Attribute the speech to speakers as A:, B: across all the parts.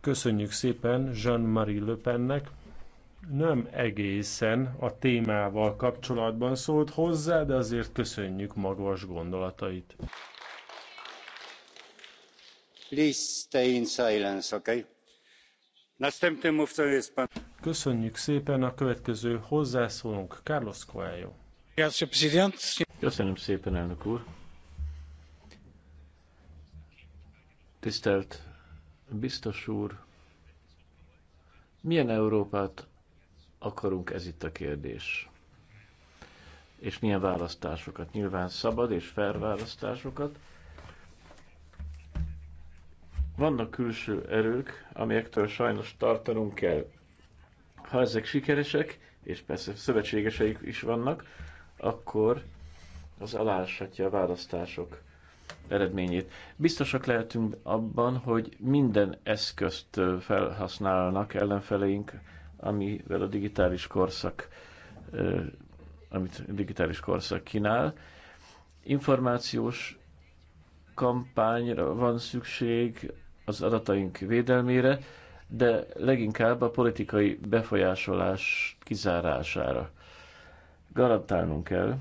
A: Köszönjük szépen Jean-Marie Le Pennek. Nem egészen a témával kapcsolatban szólt hozzá, de azért köszönjük magas gondolatait.
B: Please stay in silence, okay?
A: Köszönjük szépen a következő hozzászólunk, Carlos Coelho.
C: Köszönöm szépen, elnök úr. Tisztelt Biztos úr, milyen Európát akarunk, ez itt a kérdés. És milyen választásokat? Nyilván szabad és fair választásokat. Vannak külső erők, amelyektől sajnos tartanunk kell. Ha ezek sikeresek, és persze szövetségeseik is vannak, akkor az aláshatja a választások eredményét. Biztosak lehetünk abban, hogy minden eszközt felhasználnak ellenfeleink, amivel a digitális korszak, amit a digitális korszak kínál. Információs kampányra van szükség az adataink védelmére, de leginkább a politikai befolyásolás kizárására. Garantálnunk kell,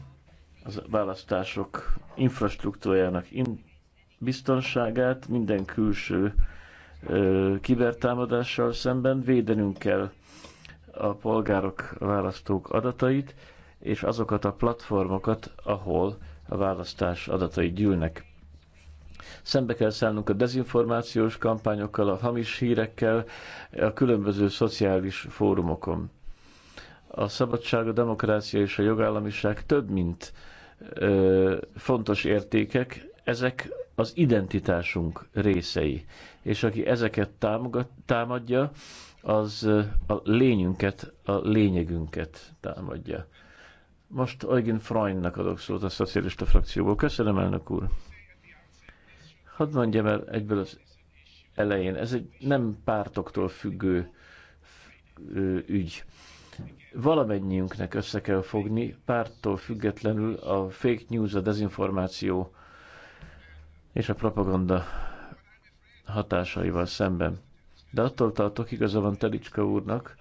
C: az választások infrastruktúrájának in- biztonságát minden külső ö, kibertámadással szemben védenünk kell a polgárok, a választók adatait, és azokat a platformokat, ahol a választás adatai gyűlnek. Szembe kell szállnunk a dezinformációs kampányokkal, a hamis hírekkel, a különböző szociális fórumokon a szabadság, a demokrácia és a jogállamiság több, mint ö, fontos értékek, ezek az identitásunk részei. És aki ezeket támogat, támadja, az a lényünket, a lényegünket támadja. Most Eugen Freundnak adok szót a szocialista frakcióból. Köszönöm, elnök úr. Hadd mondjam el egyből az elején, ez egy nem pártoktól függő ügy Valamennyiünknek össze kell fogni, pártól függetlenül a fake news, a dezinformáció és a propaganda hatásaival szemben. De attól tartok, igaza van Telicska úrnak,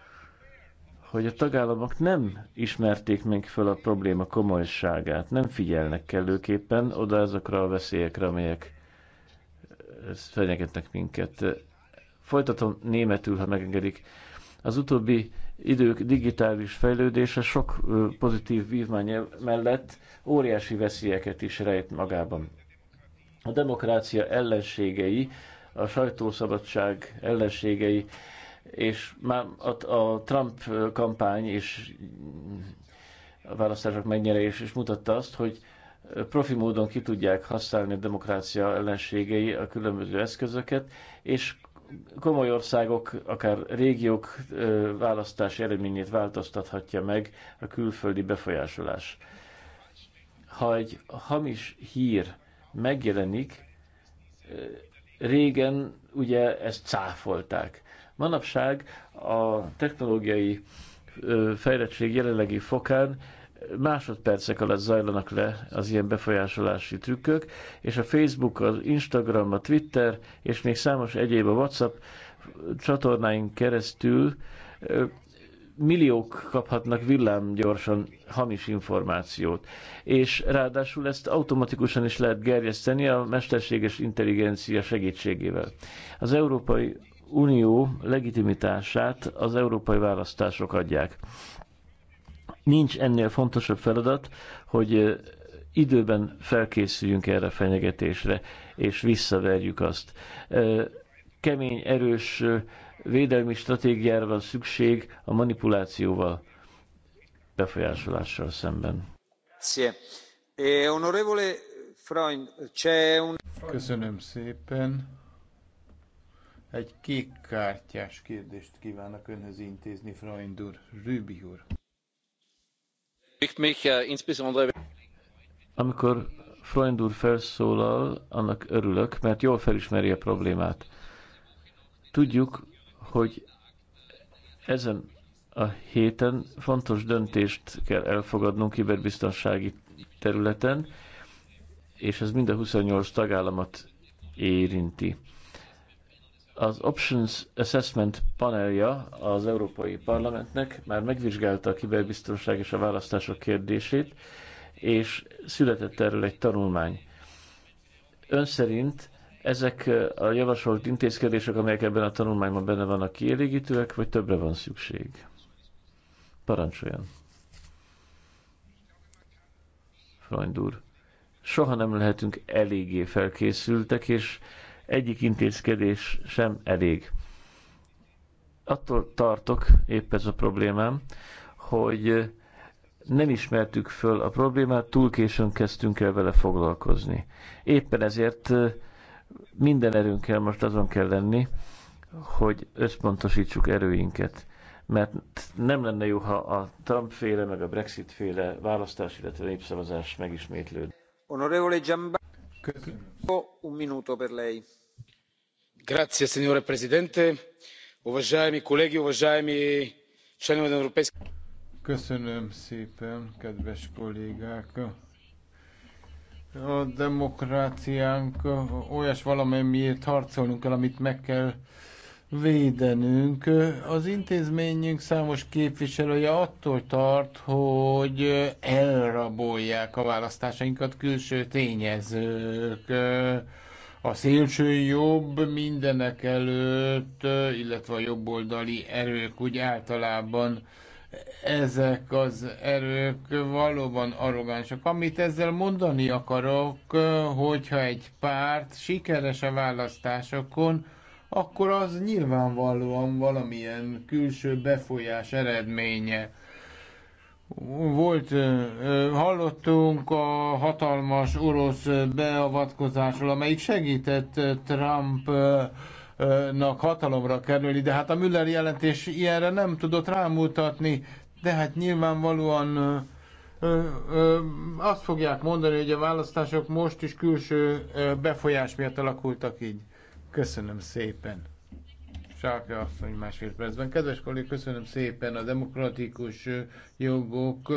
C: hogy a tagállamok nem ismerték még föl a probléma komolyságát, nem figyelnek kellőképpen oda azokra a veszélyekre, amelyek fenyegetnek minket. Folytatom németül, ha megengedik. Az utóbbi idők digitális fejlődése sok pozitív vívmány e- mellett óriási veszélyeket is rejt magában. A demokrácia ellenségei, a sajtószabadság ellenségei, és már a Trump kampány és a választások megnyerés is mutatta azt, hogy profi módon ki tudják használni a demokrácia ellenségei a különböző eszközöket, és komoly országok, akár régiók választási eredményét változtathatja meg a külföldi befolyásolás. Ha egy hamis hír megjelenik, régen ugye ezt cáfolták. Manapság a technológiai fejlettség jelenlegi fokán másodpercek alatt zajlanak le az ilyen befolyásolási trükkök, és a Facebook, az Instagram, a Twitter, és még számos egyéb a WhatsApp csatornáink keresztül milliók kaphatnak villámgyorsan hamis információt. És ráadásul ezt automatikusan is lehet gerjeszteni a mesterséges intelligencia segítségével. Az Európai Unió legitimitását az európai választások adják. Nincs ennél fontosabb feladat, hogy időben felkészüljünk erre a fenyegetésre, és visszaverjük azt. Kemény, erős védelmi stratégiára van szükség a manipulációval, befolyásolással szemben.
B: E, Köszönöm szépen. Egy kék kártyás kérdést kívánok önhöz intézni, Freund úr, Rübi úr.
C: Eh, Amikor Freund úr felszólal, annak örülök, mert jól felismeri a problémát. Tudjuk, hogy ezen a héten fontos döntést kell elfogadnunk kiberbiztonsági területen, és ez mind a 28 tagállamat érinti. Az Options Assessment panelja az Európai Parlamentnek már megvizsgálta a kiberbiztonság és a választások kérdését, és született erről egy tanulmány. Ön szerint ezek a javasolt intézkedések, amelyek ebben a tanulmányban benne vannak, kielégítőek, vagy többre van szükség? Parancsoljon. Freund úr. Soha nem lehetünk eléggé felkészültek, és egyik intézkedés sem elég. Attól tartok, épp ez a problémám, hogy nem ismertük föl a problémát, túl későn kezdtünk el vele foglalkozni. Éppen ezért minden erőnkkel most azon kell lenni, hogy összpontosítsuk erőinket. Mert nem lenne jó, ha a Trump-féle, meg a Brexit-féle választás, illetve népszavazás megismétlőd.
B: Honorevole Giambassi signor presidente onorevoli colleghi köszönöm szépen kedves kollégák! a demokráciánk olyas amiért harcolnunk kell amit meg kell őriznünk védenünk. Az intézményünk számos képviselője attól tart, hogy elrabolják a választásainkat külső tényezők. A szélső jobb mindenek előtt, illetve a jobboldali erők úgy általában ezek az erők valóban arrogánsak. Amit ezzel mondani akarok, hogyha egy párt sikeres a választásokon, akkor az nyilvánvalóan valamilyen külső befolyás eredménye. Volt, hallottunk a hatalmas orosz beavatkozásról, amelyik segített Trumpnak hatalomra kerülni, de hát a Müller jelentés ilyenre nem tudott rámutatni, de hát nyilvánvalóan azt fogják mondani, hogy a választások most is külső befolyás miatt alakultak így. Köszönöm szépen. Sáke asszony másfél percben. Kedves kollég, köszönöm szépen a demokratikus jogok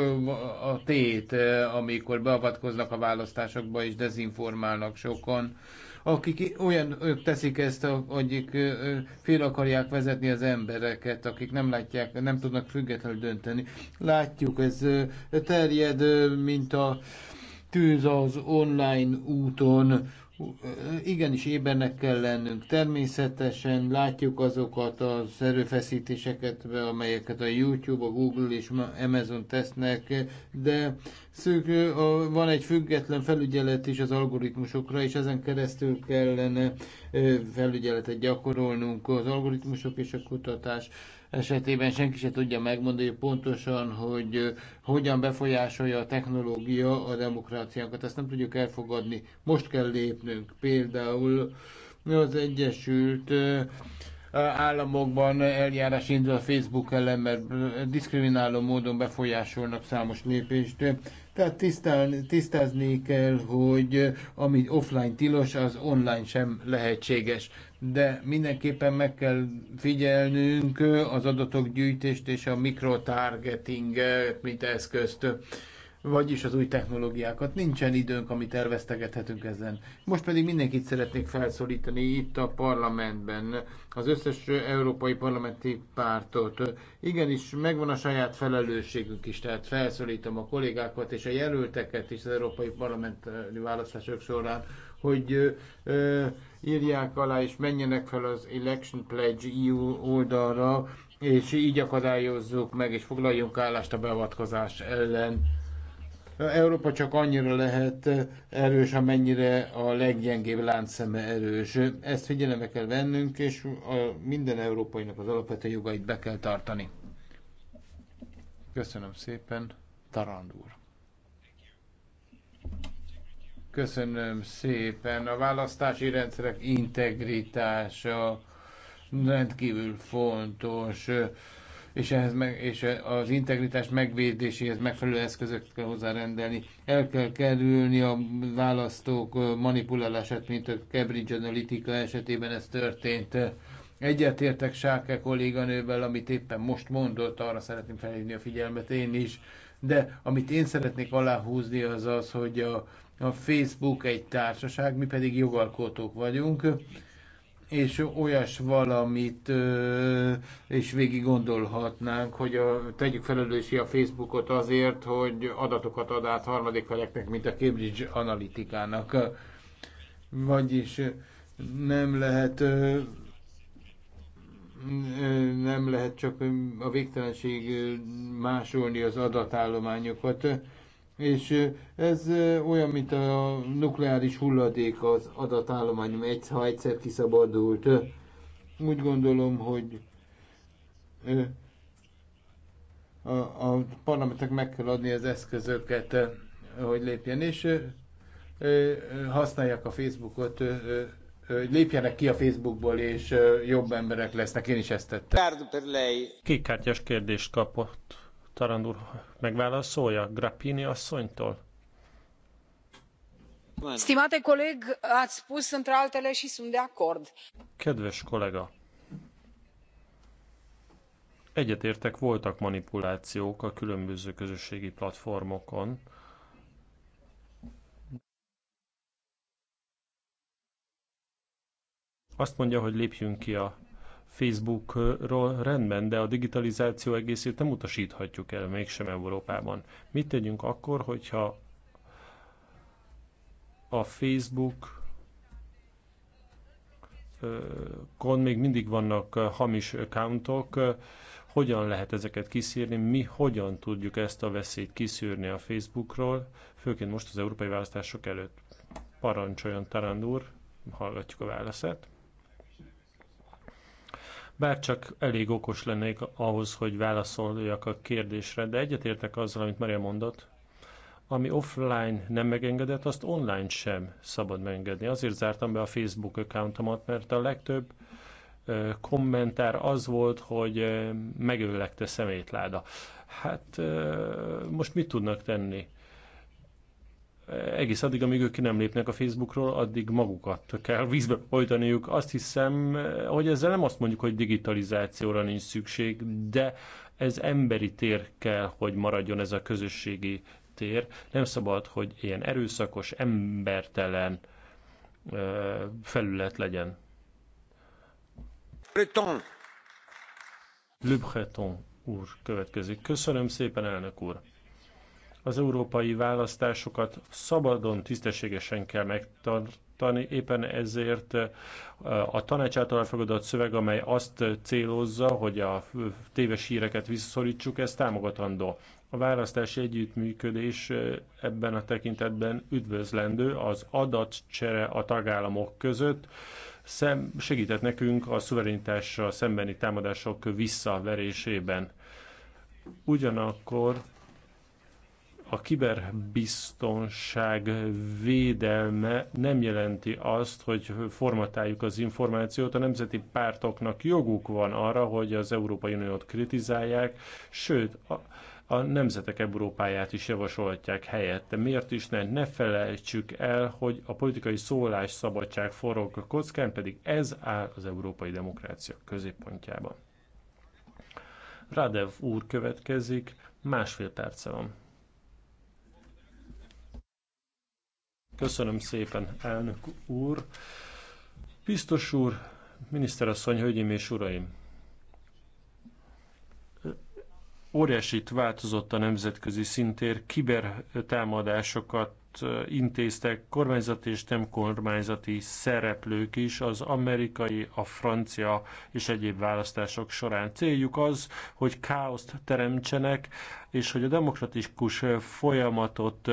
B: a tét, amikor beavatkoznak a választásokba és dezinformálnak sokan. Akik olyan teszik ezt, akik fél akarják vezetni az embereket, akik nem látják, nem tudnak függetlenül dönteni. Látjuk, ez terjed, mint a tűz az online úton igenis ébernek kell lennünk. Természetesen látjuk azokat az erőfeszítéseket, amelyeket a YouTube, a Google és Amazon tesznek, de szűk, van egy független felügyelet is az algoritmusokra, és ezen keresztül kellene felügyeletet gyakorolnunk az algoritmusok és a kutatás esetében senki se tudja megmondani pontosan, hogy hogyan befolyásolja a technológia a demokráciánkat. Ezt nem tudjuk elfogadni. Most kell lépnünk. Például az Egyesült államokban eljárás indul a Facebook ellen, mert diszkrimináló módon befolyásolnak számos lépést. Tehát tisztelni, tisztázni kell, hogy ami offline tilos, az online sem lehetséges. De mindenképpen meg kell figyelnünk az adatok gyűjtést és a mikrotargetinget, mint eszközt vagyis az új technológiákat. Nincsen időnk, amit terveztegethetünk ezen. Most pedig mindenkit szeretnék felszólítani itt a parlamentben, az összes európai parlamenti pártot. Igenis, megvan a saját felelősségünk is, tehát felszólítom a kollégákat és a jelölteket is az európai parlamenti választások során, hogy ö, írják alá és menjenek fel az Election Pledge EU oldalra, és így akadályozzuk meg, és foglaljunk állást a beavatkozás ellen Európa csak annyira lehet erős, amennyire a leggyengébb láncszeme erős. Ezt figyelembe kell vennünk, és a minden európainak az alapvető jogait be kell tartani. Köszönöm szépen, Tarand úr. Köszönöm szépen. A választási rendszerek integritása rendkívül fontos és, ehhez meg, és az integritás megvédéséhez megfelelő eszközöket kell hozzárendelni. El kell kerülni a választók manipulálását, mint a Cambridge Analytica esetében ez történt. Egyetértek Sáke kolléganővel, amit éppen most mondott, arra szeretném felhívni a figyelmet én is, de amit én szeretnék aláhúzni az az, hogy a, a Facebook egy társaság, mi pedig jogalkotók vagyunk, és olyas valamit ö, és végig gondolhatnánk, hogy a, tegyük felelősi a Facebookot azért, hogy adatokat ad át harmadik feleknek, mint a Cambridge Analytica-nak. Vagyis nem lehet ö, nem lehet csak a végtelenség másolni az adatállományokat és ez olyan, mint a nukleáris hulladék az adatállomány, egy, ha egyszer kiszabadult. Úgy gondolom, hogy a, a parlamentnek meg kell adni az eszközöket, hogy lépjen, és használják a Facebookot, lépjenek ki a Facebookból, és jobb emberek lesznek. Én is ezt tettem. Kékkártyás kérdést kapott Tarand úr
A: megválaszolja Grappini asszonytól? Stimate coleg, ați spus între altele și sunt de acord. Kedves kollega, egyetértek, voltak manipulációk a különböző közösségi platformokon, azt mondja, hogy lépjünk ki a Facebookról rendben, de a digitalizáció egészét nem utasíthatjuk el mégsem Európában. Mit tegyünk akkor, hogyha a Facebook kon még mindig vannak hamis accountok, hogyan lehet ezeket kiszírni, mi hogyan tudjuk ezt a veszélyt kiszűrni a Facebookról, főként most az európai választások előtt. Parancsoljon Tarand úr, hallgatjuk a válaszát bár csak elég okos lennék ahhoz, hogy válaszoljak a kérdésre, de egyetértek azzal, amit Maria mondott, ami offline nem megengedett, azt online sem szabad megengedni. Azért zártam be a Facebook accountomat, mert a legtöbb ö, kommentár az volt, hogy ö, megöllek te szemétláda. Hát ö, most mit tudnak tenni? egész addig, amíg ők ki nem lépnek a Facebookról, addig magukat kell vízbe oldaniuk. Azt hiszem, hogy ezzel nem azt mondjuk, hogy digitalizációra nincs szükség, de ez emberi tér kell, hogy maradjon ez a közösségi tér. Nem szabad, hogy ilyen erőszakos, embertelen felület legyen. Breton. Le Breton úr következik. Köszönöm szépen, elnök úr. Az európai választásokat szabadon, tisztességesen kell megtartani, éppen ezért eh, a tanács által elfogadott szöveg, amely azt célozza, hogy a téves híreket visszaszorítsuk, ez támogatandó. A választási együttműködés eh, ebben a tekintetben üdvözlendő, az adatcsere a tagállamok között szem, segített nekünk a szuverenitással szembeni támadások visszaverésében. Ugyanakkor a kiberbiztonság védelme nem jelenti azt, hogy formatáljuk az információt. A nemzeti pártoknak joguk van arra, hogy az Európai Uniót kritizálják, sőt, a, a nemzetek Európáját is javasolhatják helyette. Miért is ne? Ne felejtsük el, hogy a politikai szólás szabadság forog a kockán, pedig ez áll az európai demokrácia középpontjában. Radev úr következik, másfél perce van. Köszönöm szépen, elnök úr. Biztos úr, miniszterasszony, hölgyeim és uraim! Óriásit változott a nemzetközi szintér, kibertámadásokat intéztek kormányzati és nem kormányzati szereplők is az amerikai, a francia és egyéb választások során. Céljuk az, hogy káoszt teremtsenek, és hogy a demokratikus folyamatot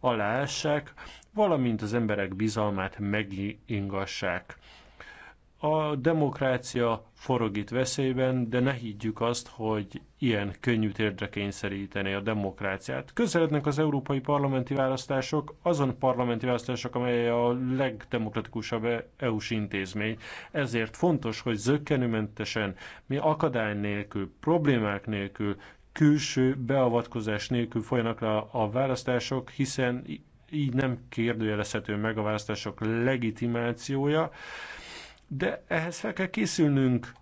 A: aláássák, valamint az emberek bizalmát megingassák. A demokrácia forog itt veszélyben, de ne higgyük azt, hogy ilyen könnyű térdre kényszeríteni a demokráciát. Közelednek az európai parlamenti választások, azon parlamenti választások, amely a legdemokratikusabb EU-s intézmény. Ezért fontos, hogy zöggenőmentesen, mi akadály nélkül, problémák nélkül, külső beavatkozás nélkül folyanak le a választások, hiszen így nem kérdőjelezhető meg a választások legitimációja de ehhez fel kell készülnünk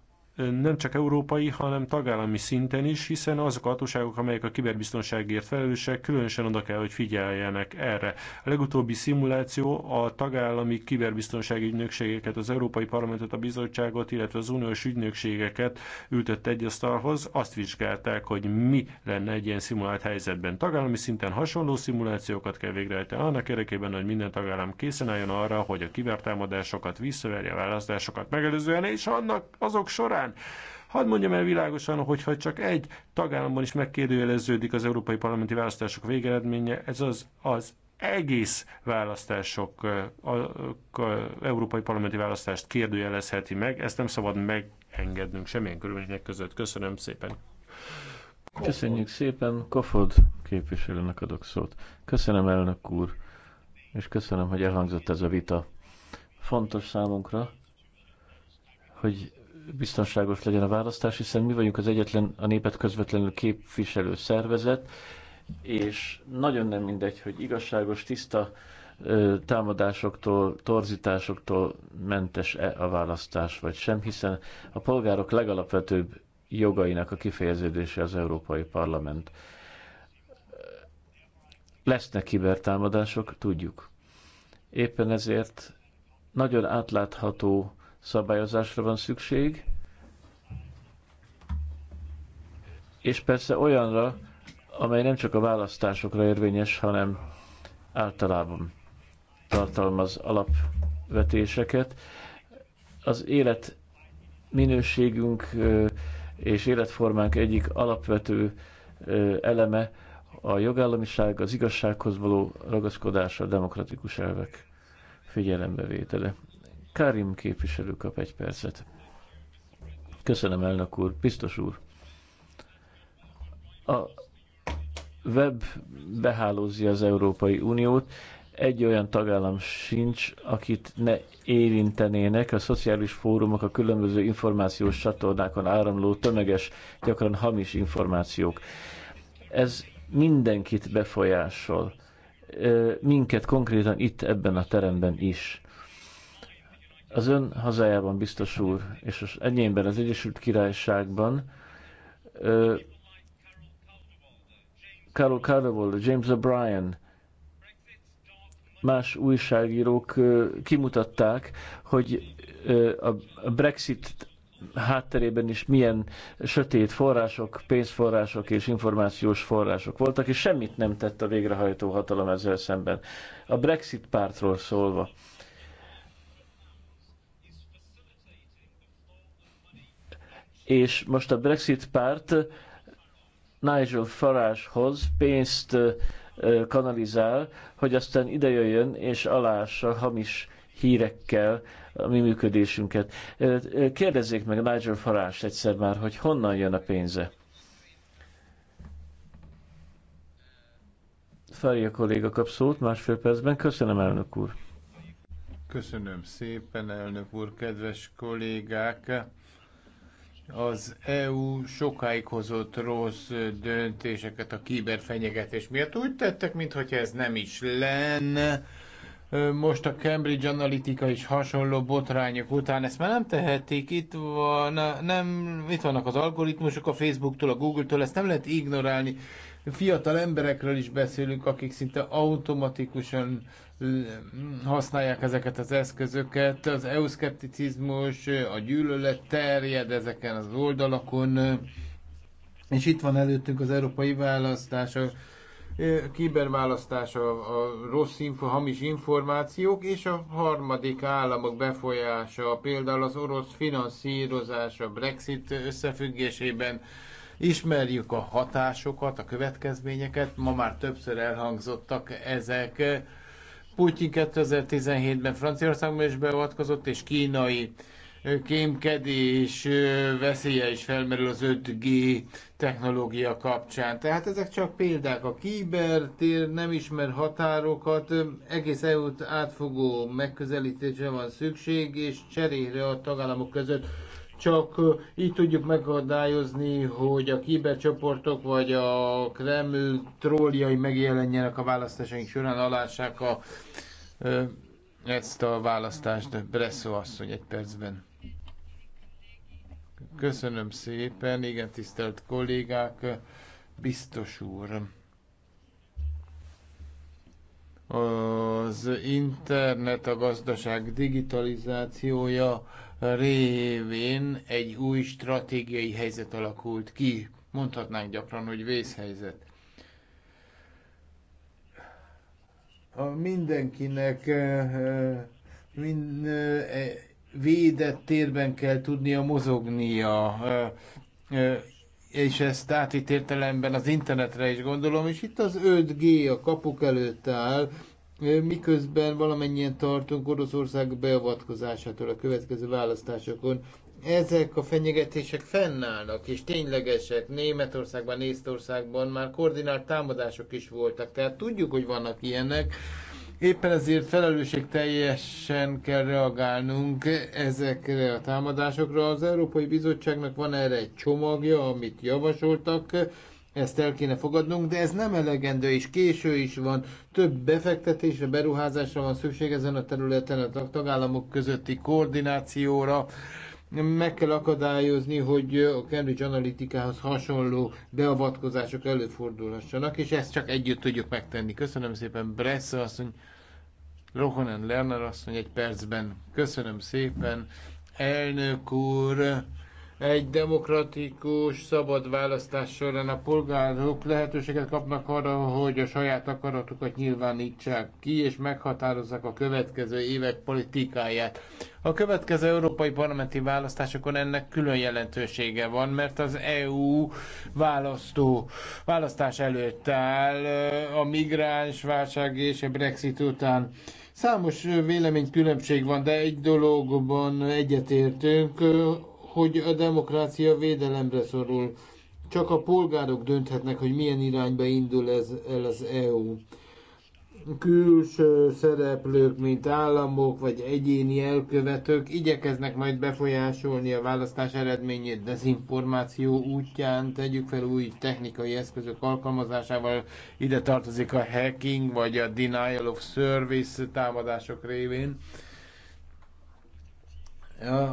A: nem csak európai, hanem tagállami szinten is, hiszen azok a hatóságok, amelyek a kiberbiztonságért felelősek, különösen oda kell, hogy figyeljenek erre. A legutóbbi szimuláció a tagállami kiberbiztonsági ügynökségeket, az Európai Parlamentet, a bizottságot, illetve az uniós ügynökségeket ültött egy asztalhoz, azt vizsgálták, hogy mi lenne egy ilyen szimulált helyzetben. Tagállami szinten hasonló szimulációkat kell végrehajtani annak érdekében, hogy minden tagállam készen álljon arra, hogy a kibertámadásokat visszaverje, választásokat megelőzően, és annak azok során során. Hadd mondjam el világosan, hogyha csak egy tagállamban is megkérdőjeleződik az európai parlamenti választások végeredménye, ez az, az egész választások, a, a, a, európai parlamenti választást kérdőjelezheti meg, ezt nem szabad megengednünk semmilyen körülmények között. Köszönöm szépen.
C: Köszönjük szépen, Kofod képviselőnek adok szót. Köszönöm, elnök úr, és köszönöm, hogy elhangzott ez a vita. Fontos számunkra, hogy biztonságos legyen a választás, hiszen mi vagyunk az egyetlen a népet közvetlenül képviselő szervezet, és nagyon nem mindegy, hogy igazságos, tiszta támadásoktól, torzításoktól mentes-e a választás, vagy sem, hiszen a polgárok legalapvetőbb jogainak a kifejeződése az Európai Parlament. Lesznek kibertámadások, tudjuk. Éppen ezért nagyon átlátható szabályozásra van szükség, és persze olyanra, amely nem csak a választásokra érvényes, hanem általában tartalmaz alapvetéseket. Az élet minőségünk és életformánk egyik alapvető eleme a jogállamiság, az igazsághoz való ragaszkodás, a demokratikus elvek figyelembevétele. Karim képviselő kap egy percet. Köszönöm, elnök úr, biztos úr. A web behálózja az Európai Uniót. Egy olyan tagállam sincs, akit ne érintenének a szociális fórumok, a különböző információs csatornákon áramló tömeges, gyakran hamis információk. Ez mindenkit befolyásol minket konkrétan itt ebben a teremben is. Az ön hazájában, biztos úr, és az enyémben, az Egyesült Királyságban ö, Carol Carnival, James O'Brien, más újságírók kimutatták, hogy a Brexit hátterében is milyen sötét források, pénzforrások és információs források voltak, és semmit nem tett a végrehajtó hatalom ezzel szemben. A Brexit pártról szólva. és most a Brexit párt Nigel Farage-hoz pénzt kanalizál, hogy aztán idejöjjön és alássa hamis hírekkel a mi működésünket. Kérdezzék meg Nigel Farage egyszer már, hogy honnan jön a pénze. a kolléga kap szót másfél percben. Köszönöm, elnök úr.
B: Köszönöm szépen, elnök úr, kedves kollégák az EU sokáig hozott rossz döntéseket a kiberfenyegetés miatt. Úgy tettek, mintha ez nem is lenne. Most a Cambridge Analytica is hasonló botrányok után ezt már nem tehetik. Itt, van, nem, itt vannak az algoritmusok a Facebooktól, a Google-től, ezt nem lehet ignorálni. Fiatal emberekről is beszélünk, akik szinte automatikusan használják ezeket az eszközöket. Az euszkepticizmus, a gyűlölet terjed ezeken az oldalakon, és itt van előttünk az európai választás, a e, kiberválasztás, a, a rossz info, hamis információk, és a harmadik államok befolyása, például az orosz finanszírozás a Brexit összefüggésében Ismerjük a hatásokat, a következményeket, ma már többször elhangzottak ezek. Putyin 2017-ben Franciaországban is beavatkozott, és kínai kémkedés veszélye is felmerül az 5G technológia kapcsán. Tehát ezek csak példák. A kibertér nem ismer határokat, egész EU-t átfogó megközelítésre van szükség, és cserére a tagállamok között. Csak így tudjuk megadályozni, hogy a kibercsoportok vagy a Kreml trolljai megjelenjenek a választásaink során, alássák a, ezt a választást. Bresszó asszony egy percben. Köszönöm szépen, igen, tisztelt kollégák, biztos úr. Az internet, a gazdaság digitalizációja révén egy új stratégiai helyzet alakult ki. Mondhatnánk gyakran, hogy vészhelyzet. A mindenkinek eh, eh, mind, eh, védett térben kell tudnia mozognia, és ezt tátit értelemben az internetre is gondolom, és itt az 5G a kapuk előtt áll, miközben valamennyien tartunk Oroszország beavatkozásától a következő választásokon. Ezek a fenyegetések fennállnak, és ténylegesek. Németországban, Észtországban már koordinált támadások is voltak, tehát tudjuk, hogy vannak ilyenek. Éppen ezért felelősség teljesen kell reagálnunk ezekre a támadásokra. Az Európai Bizottságnak van erre egy csomagja, amit javasoltak, ezt el kéne fogadnunk, de ez nem elegendő, és késő is van. Több befektetésre, beruházásra van szükség ezen a területen, a tagállamok közötti koordinációra. Meg kell akadályozni, hogy a Cambridge Analytikához hasonló beavatkozások előfordulhassanak, és ezt csak együtt tudjuk megtenni. Köszönöm szépen, Bressa asszony, Rohonen Lerner asszony egy percben. Köszönöm szépen, elnök úr. Egy demokratikus, szabad választás során a polgárok lehetőséget kapnak arra, hogy a saját akaratukat nyilvánítsák ki, és meghatározzák a következő évek politikáját. A következő európai parlamenti választásokon ennek külön jelentősége van, mert az EU választó választás előtt áll a migráns válság és a Brexit után. Számos véleménykülönbség van, de egy dologban egyetértünk, hogy a demokrácia védelemre szorul. Csak a polgárok dönthetnek, hogy milyen irányba indul ez, el az EU. Külső szereplők, mint államok vagy egyéni elkövetők igyekeznek majd befolyásolni a választás eredményét dezinformáció útján, tegyük fel új technikai eszközök alkalmazásával, ide tartozik a hacking vagy a denial of service támadások révén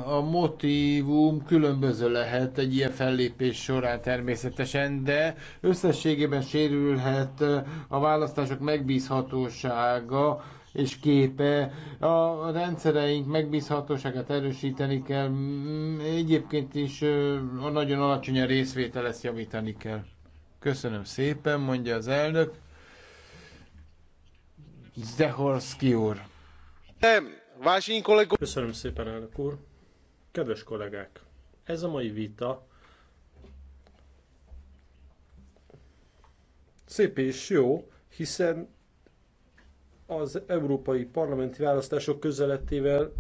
B: a motivum különböző lehet egy ilyen fellépés során természetesen, de összességében sérülhet a választások megbízhatósága és képe. A rendszereink megbízhatóságát erősíteni kell, mm, egyébként is a nagyon alacsony a részvétel, ezt javítani kell. Köszönöm szépen, mondja az elnök. Zdehorszki úr. Nem
A: Vážení Köszönöm szépen, elnök úr! Kedves kollégák! Ez a mai vita szép és jó, hiszen az európai parlamenti választások közeletével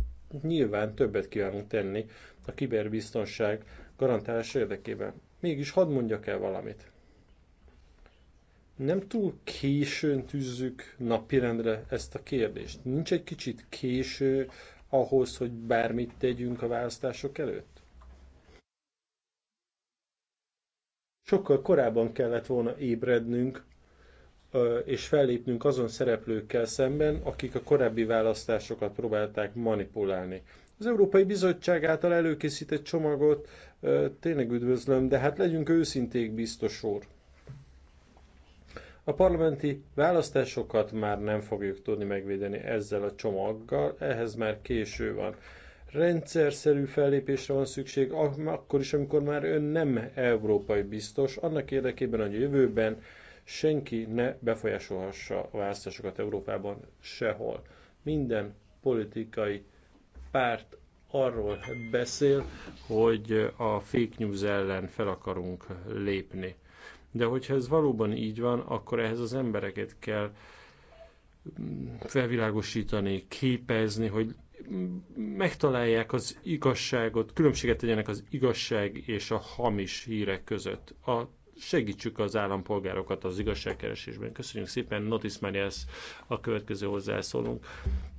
A: nyilván többet kívánunk tenni a kiberbiztonság garantálása érdekében. Mégis hadd mondjak el valamit nem túl későn tűzzük napirendre ezt a kérdést? Nincs egy kicsit késő ahhoz, hogy bármit tegyünk a választások előtt? Sokkal korábban kellett volna ébrednünk és fellépnünk azon szereplőkkel szemben, akik a korábbi választásokat próbálták manipulálni. Az Európai Bizottság által előkészített csomagot tényleg üdvözlöm, de hát legyünk őszinték, biztos úr. A parlamenti választásokat már nem fogjuk tudni megvédeni ezzel a csomaggal, ehhez már késő van. Rendszerszerű fellépésre van szükség, akkor is, amikor már ön nem európai biztos, annak érdekében, hogy a jövőben senki ne befolyásolhassa a választásokat Európában sehol. Minden politikai párt arról beszél, hogy a fake news ellen fel akarunk lépni. De hogyha ez valóban így van, akkor ehhez az embereket kell felvilágosítani, képezni, hogy megtalálják az igazságot, különbséget tegyenek az igazság és a hamis hírek között. A segítsük az állampolgárokat az igazságkeresésben. Köszönjük szépen, Notis Marias a következő hozzászólunk.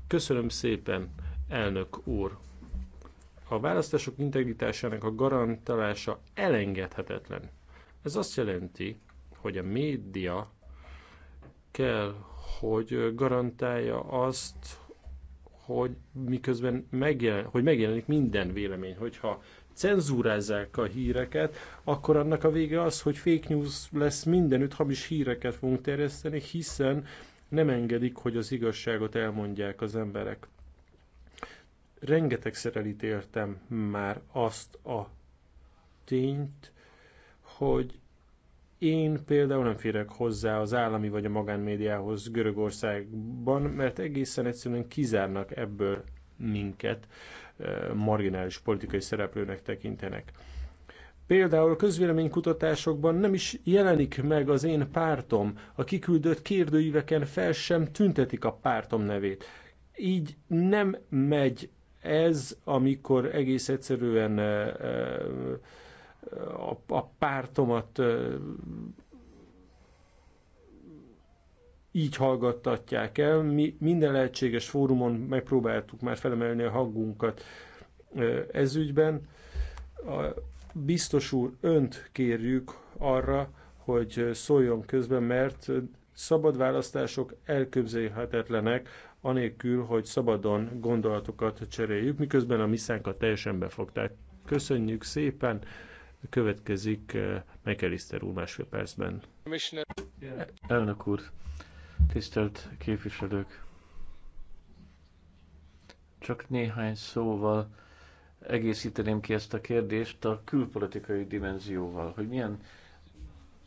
A: Köszönöm szépen, elnök úr. A választások integritásának a garantálása elengedhetetlen. Ez azt jelenti, hogy a média kell, hogy garantálja azt, hogy miközben megjelen, hogy megjelenik minden vélemény, hogyha cenzúrázzák a híreket, akkor annak a vége az, hogy fake news lesz mindenütt, hamis híreket fogunk terjeszteni, hiszen nem engedik, hogy az igazságot elmondják az emberek. Rengetegszer elítéltem már azt a tényt, hogy én például nem férek hozzá az állami vagy a magánmédiához Görögországban, mert egészen egyszerűen kizárnak ebből minket, eh, marginális politikai szereplőnek tekintenek. Például a közvéleménykutatásokban nem is jelenik meg az én pártom, a kiküldött kérdőíveken fel sem tüntetik a pártom nevét. Így nem megy ez, amikor egész egyszerűen uh, a, a pártomat így hallgattatják el. Mi minden lehetséges fórumon megpróbáltuk már felemelni a hangunkat ez ügyben. A biztos úr, önt kérjük arra, hogy szóljon közben, mert szabad választások elképzelhetetlenek, anélkül, hogy szabadon gondolatokat cseréljük, miközben a misszánkat teljesen befogták. Köszönjük szépen! Következik eh, McAllister úr másfél percben. Elnök úr,
C: tisztelt képviselők! Csak néhány szóval egészíteném ki ezt a kérdést a külpolitikai dimenzióval, hogy milyen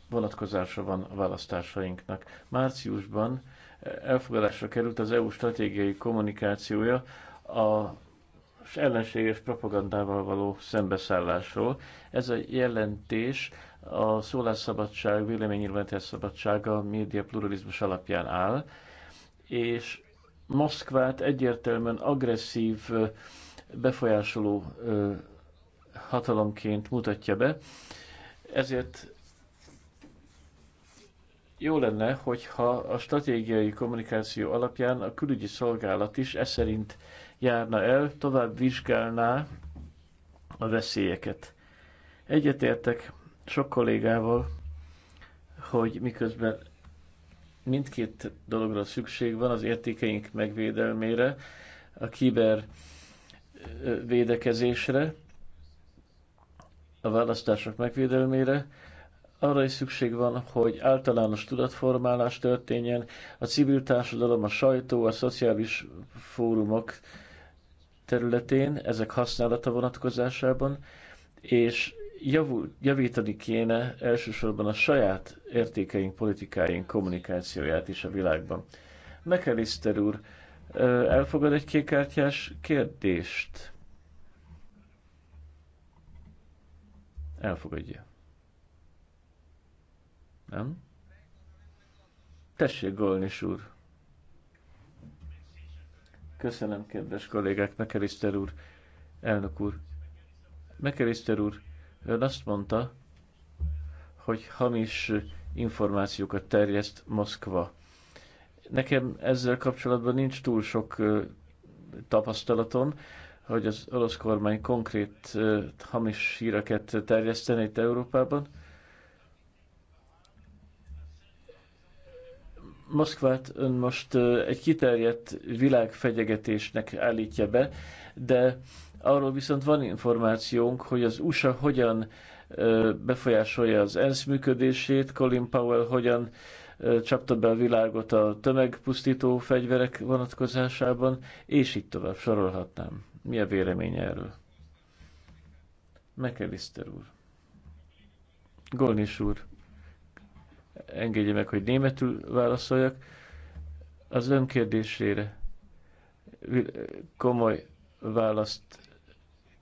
C: vonatkozása van a választásainknak. Márciusban elfogadásra került az EU stratégiai kommunikációja a és ellenséges propagandával való szembeszállásról. Ez a jelentés a szólásszabadság, véleménynyilvánítás szabadsága, a média pluralizmus alapján áll, és Moszkvát egyértelműen agresszív, befolyásoló hatalomként mutatja be. Ezért jó lenne, hogyha a stratégiai kommunikáció alapján a külügyi szolgálat is e szerint járna el, tovább vizsgálná a veszélyeket. Egyetértek sok kollégával, hogy miközben mindkét dologra szükség van az értékeink megvédelmére, a kiber védekezésre, a választások megvédelmére, arra is szükség van, hogy általános tudatformálás történjen, a civil társadalom, a sajtó, a szociális fórumok területén, ezek használata vonatkozásában, és javul, javítani kéne elsősorban a saját értékeink, politikáink kommunikációját is a világban. McAllister úr, elfogad egy kékkártyás kérdést? Elfogadja. Nem? Tessék, Golnis úr. Köszönöm, kedves kollégák, Mekeriszter úr, elnök úr. Mekeriszter úr, ön azt mondta, hogy hamis információkat terjeszt Moszkva. Nekem ezzel kapcsolatban nincs túl sok tapasztalatom, hogy az orosz kormány konkrét hamis híreket terjesztene itt Európában. Moszkvát ön most egy kiterjedt világfegyegetésnek állítja be, de arról viszont van információnk, hogy az USA hogyan befolyásolja az ENSZ működését, Colin Powell hogyan csapta be a világot a tömegpusztító fegyverek vonatkozásában, és így tovább sorolhatnám. Mi a véleménye erről? McAllister úr. Golnis úr engedje meg, hogy németül válaszoljak. Az önkérdésére komoly választ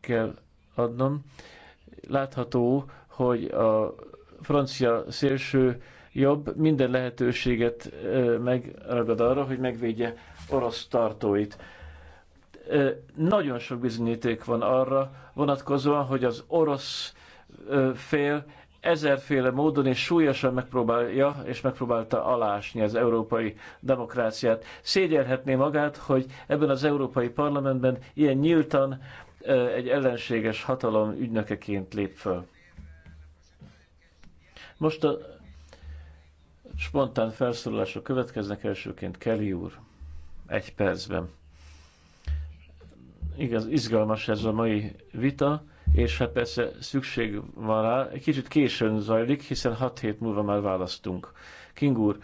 C: kell adnom. Látható, hogy a francia szélső jobb minden lehetőséget megragad arra, hogy megvédje orosz tartóit. Nagyon sok bizonyíték van arra vonatkozóan, hogy az orosz fél ezerféle módon és súlyosan megpróbálja és megpróbálta alásni az európai demokráciát. Szégyelhetné magát, hogy ebben az európai parlamentben ilyen nyíltan egy ellenséges hatalom ügynökeként lép föl. Most a spontán felszólalások következnek, elsőként Kelly úr. Egy percben. Igaz, izgalmas ez a mai vita és hát persze szükség van rá, egy kicsit későn zajlik, hiszen 6 hét múlva már választunk. King úr,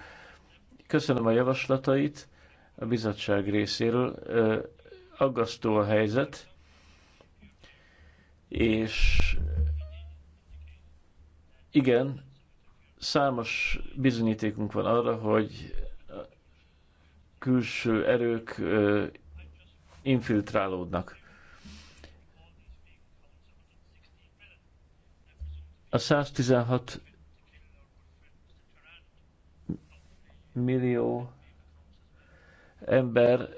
C: köszönöm a javaslatait a bizottság részéről. Aggasztó a helyzet, és igen, számos bizonyítékunk van arra, hogy külső erők infiltrálódnak A 116 millió ember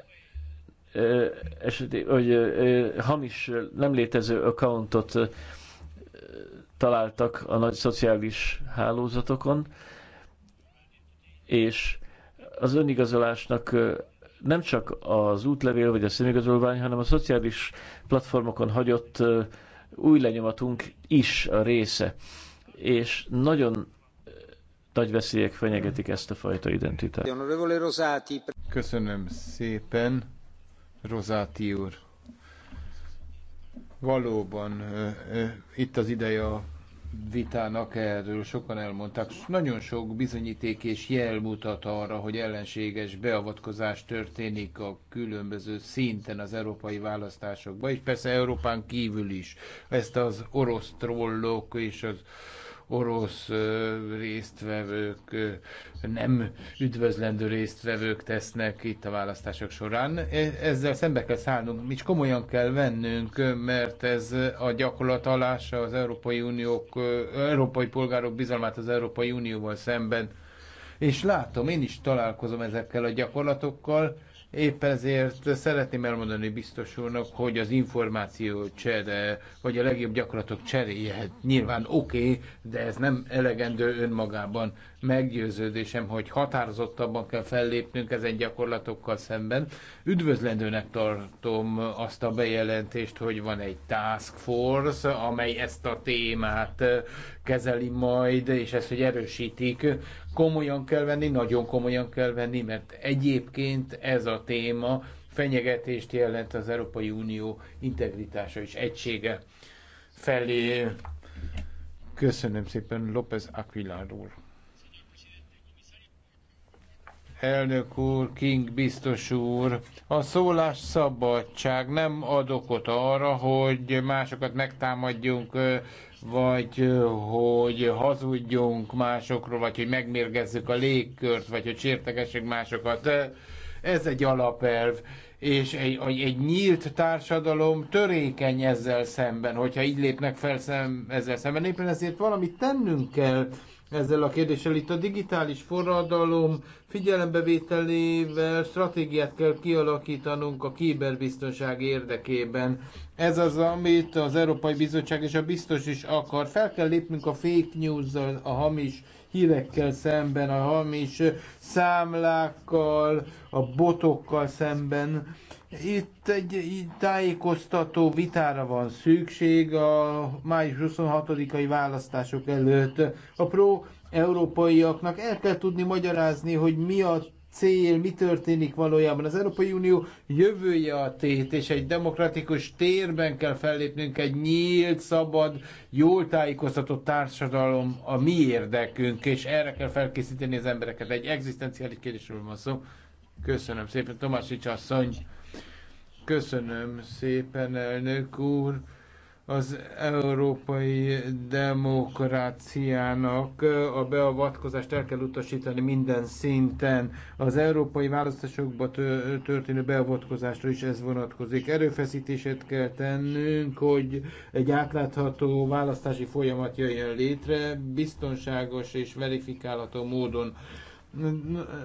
C: eseti, hogy hamis, nem létező accountot találtak a nagy szociális hálózatokon, és az önigazolásnak nem csak az útlevél vagy a szemigazolvány, hanem a szociális platformokon hagyott új lenyomatunk is a része, és nagyon eh, nagy veszélyek fenyegetik ezt a fajta identitást.
B: Köszönöm szépen, Rozáti úr. Valóban eh, eh, itt az ideje a vitának erről, sokan elmondták, nagyon sok bizonyíték és jel mutat arra, hogy ellenséges beavatkozás történik a különböző szinten az európai választásokban, és persze Európán kívül is. Ezt az orosz trollok és az orosz résztvevők, nem üdvözlendő résztvevők tesznek itt a választások során. E, ezzel szembe kell szállnunk, is komolyan kell vennünk, mert ez a gyakorlat alása az Európai Uniók, európai polgárok bizalmát az Európai Unióval szemben. És látom, én is találkozom ezekkel a gyakorlatokkal, Éppen ezért szeretném elmondani biztos úrnak, hogy az információ csere, vagy a legjobb gyakorlatok cseréje, hát nyilván oké, okay, de ez nem elegendő önmagában meggyőződésem, hogy határozottabban kell fellépnünk ezen gyakorlatokkal szemben. Üdvözlendőnek tartom azt a bejelentést, hogy van egy task force, amely ezt a témát kezeli majd, és ezt, hogy erősítik. Komolyan kell venni, nagyon komolyan kell venni, mert egyébként ez a téma fenyegetést jelent az Európai Unió integritása és egysége felé. Köszönöm szépen López Aquilar úr elnök úr, King biztos úr. A szólás szabadság nem ad okot arra, hogy másokat megtámadjunk, vagy hogy hazudjunk másokról, vagy hogy megmérgezzük a légkört, vagy hogy sértegessük másokat. Ez egy alapelv és egy, egy nyílt társadalom törékeny ezzel szemben, hogyha így lépnek fel szem, ezzel szemben. Éppen ezért valamit tennünk kell ezzel a kérdéssel. Itt a digitális forradalom figyelembevételével stratégiát kell kialakítanunk a kiberbiztonság érdekében. Ez az, amit az Európai Bizottság és a biztos is akar. Fel kell lépnünk a fake news a hamis hírekkel szemben, a hamis számlákkal, a botokkal szemben. Itt egy tájékoztató vitára van szükség a május 26-ai választások előtt. A pro európaiaknak el kell tudni magyarázni, hogy mi a cél, mi történik valójában. Az Európai Unió jövője a tét, és egy demokratikus térben kell fellépnünk, egy nyílt, szabad, jól tájékoztatott társadalom a mi érdekünk, és erre kell felkészíteni az embereket. Egy egzisztenciális kérdésről van szó. Köszönöm szépen, Tomásics asszony. Köszönöm szépen, elnök úr az európai demokráciának a beavatkozást el kell utasítani minden szinten. Az európai választásokba történő beavatkozásra is ez vonatkozik. Erőfeszítéset kell tennünk, hogy egy átlátható választási folyamat jöjjön létre, biztonságos és verifikálható módon.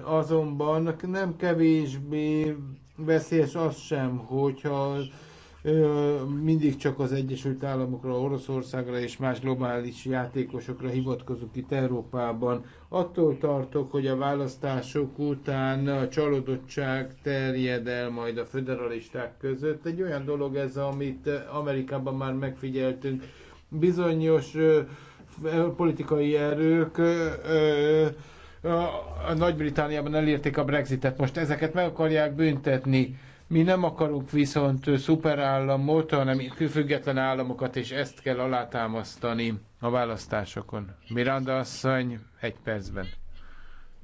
B: Azonban nem kevésbé veszélyes az sem, hogyha mindig csak az Egyesült Államokra, Oroszországra és más globális játékosokra hivatkozunk itt Európában. Attól tartok, hogy a választások után a csalódottság terjed el majd a föderalisták között. Egy olyan dolog ez, amit Amerikában már megfigyeltünk. Bizonyos politikai erők a Nagy-Britániában elérték a Brexitet, most ezeket meg akarják büntetni mi nem akarunk viszont szuperállamot, hanem független államokat, és ezt kell alátámasztani a választásokon. Miranda asszony, egy percben.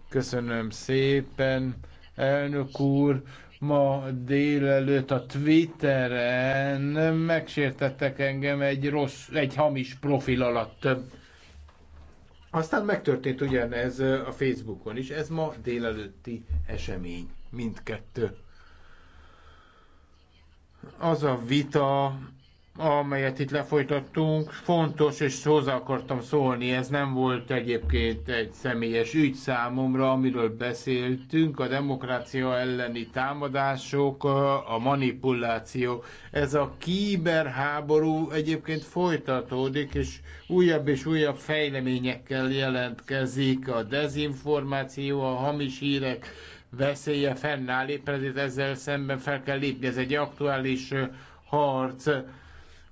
B: Köszönöm szépen, elnök úr. Ma délelőtt a Twitteren megsértettek engem egy rossz, egy hamis profil alatt. Aztán megtörtént ugyanez a Facebookon is. Ez ma délelőtti esemény. Mindkettő az a vita, amelyet itt lefolytattunk, fontos, és hozzá akartam szólni, ez nem volt egyébként egy személyes ügy számomra, amiről beszéltünk, a demokrácia elleni támadások, a manipuláció. Ez a kíberháború egyébként folytatódik, és újabb és újabb fejleményekkel jelentkezik, a dezinformáció, a hamis hírek, veszélye fennáll, éppen ezért ezzel szemben fel kell lépni, ez egy aktuális harc.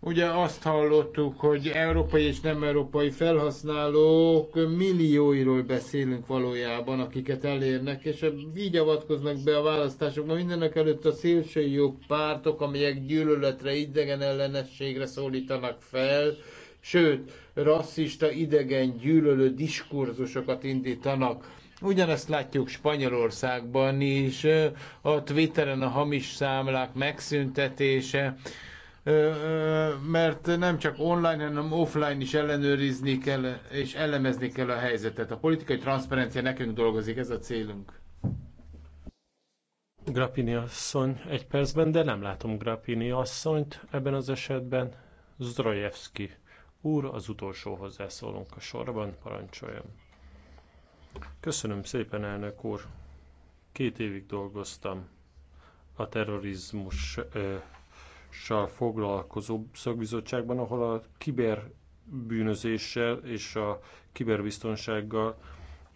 B: Ugye azt hallottuk, hogy európai és nem európai felhasználók millióiról beszélünk valójában, akiket elérnek, és így avatkoznak be a választásokba. Mindenek előtt a szélső jobb pártok, amelyek gyűlöletre, idegen ellenességre szólítanak fel, sőt, rasszista, idegen, gyűlölő diskurzusokat indítanak Ugyanezt látjuk Spanyolországban is, a Twitteren a hamis számlák megszüntetése, mert nem csak online, hanem offline is ellenőrizni kell, és elemezni kell a helyzetet. A politikai transzparencia nekünk dolgozik, ez a célunk. Grapini
A: asszony egy percben, de nem látom Grapini asszonyt ebben az esetben. Zdrojevski úr az utolsó hozzászólónk a sorban, parancsoljon. Köszönöm szépen, elnök úr. Két évig dolgoztam a terrorizmussal foglalkozó szakbizottságban, ahol a kiberbűnözéssel és a kiberbiztonsággal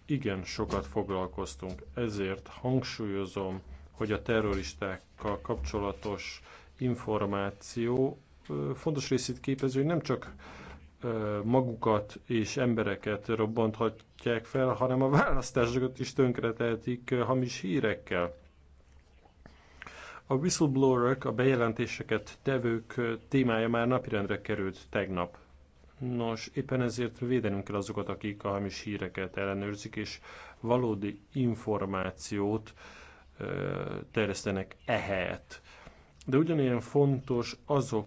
A: igen sokat foglalkoztunk. Ezért hangsúlyozom, hogy a terroristákkal kapcsolatos információ fontos részét képező, hogy nem csak magukat és embereket robbanthatják fel, hanem a választásokat is tönkretehetik hamis hírekkel. A whistleblowerek, a bejelentéseket tevők témája már napirendre került tegnap. Nos, éppen ezért védenünk kell azokat, akik a hamis híreket ellenőrzik, és valódi információt terjesztenek ehelyett. De ugyanilyen fontos azok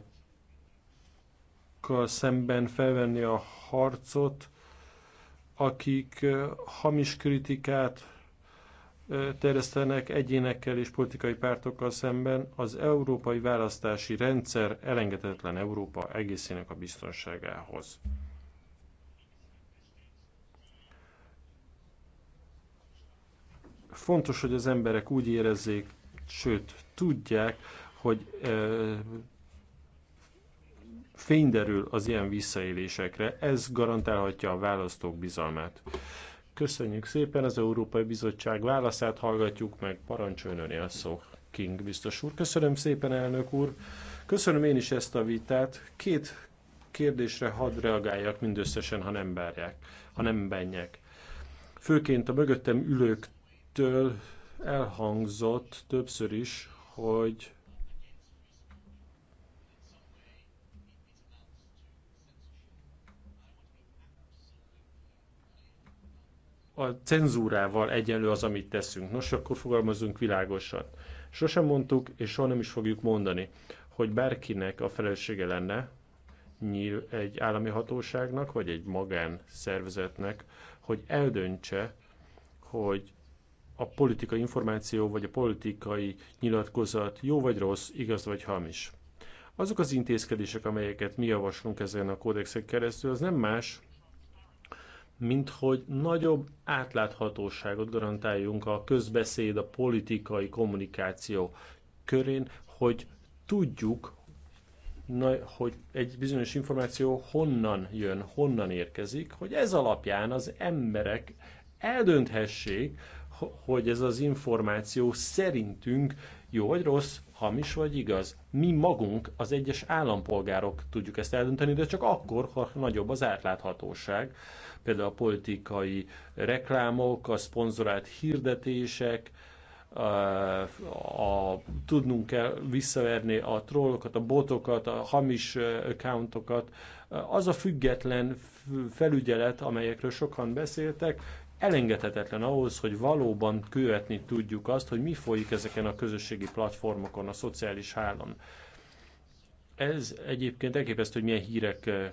A: azokkal szemben felvenni a harcot, akik hamis kritikát terjesztenek egyénekkel és politikai pártokkal szemben, az európai választási rendszer elengedhetetlen Európa egészének a biztonságához. Fontos, hogy az emberek úgy érezzék, sőt, tudják, hogy fény derül az ilyen visszaélésekre, ez garantálhatja a választók bizalmát. Köszönjük szépen az Európai Bizottság válaszát, hallgatjuk meg, parancsoljon a szó, King biztos úr. Köszönöm szépen, elnök úr. Köszönöm én is ezt a vitát. Két kérdésre hadd reagáljak mindösszesen, ha nem bárják, ha nem bennyek. Főként a mögöttem ülőktől elhangzott többször is, hogy a cenzúrával egyenlő az, amit teszünk. Nos, akkor fogalmazunk világosan. Sosem mondtuk, és soha nem is fogjuk mondani, hogy bárkinek a felelőssége lenne, nyíl egy állami hatóságnak, vagy egy magán szervezetnek, hogy eldöntse, hogy a politikai információ, vagy a politikai nyilatkozat jó vagy rossz, igaz vagy hamis. Azok az intézkedések, amelyeket mi javaslunk ezen a kódexek keresztül, az nem más, mint hogy nagyobb átláthatóságot garantáljunk a közbeszéd, a politikai kommunikáció körén, hogy tudjuk, na, hogy egy bizonyos információ honnan jön, honnan érkezik, hogy ez alapján az emberek eldönthessék, hogy ez az információ szerintünk jó vagy rossz, hamis vagy igaz. Mi magunk, az egyes állampolgárok tudjuk ezt eldönteni, de csak akkor, ha nagyobb az átláthatóság. Például a politikai reklámok, a szponzorált hirdetések, a, a, tudnunk kell visszaverni a trollokat, a botokat, a hamis accountokat, az a független felügyelet, amelyekről sokan beszéltek, elengedhetetlen ahhoz, hogy valóban követni tudjuk azt, hogy mi folyik ezeken a közösségi platformokon, a szociális hálón. Ez egyébként elképesztő, hogy milyen hírek eh,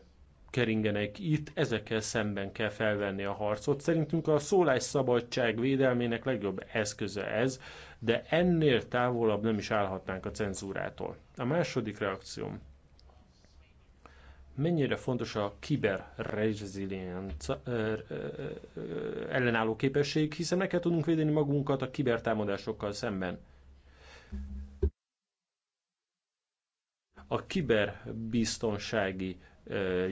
A: keringenek itt, ezekkel szemben kell felvenni a harcot. Szerintünk a szólásszabadság védelmének legjobb eszköze ez, de ennél távolabb nem is állhatnánk a cenzúrától. A második reakcióm mennyire fontos a kiber ellenálló képesség, hiszen meg kell tudnunk védeni magunkat a kibertámadásokkal szemben. A kiberbiztonsági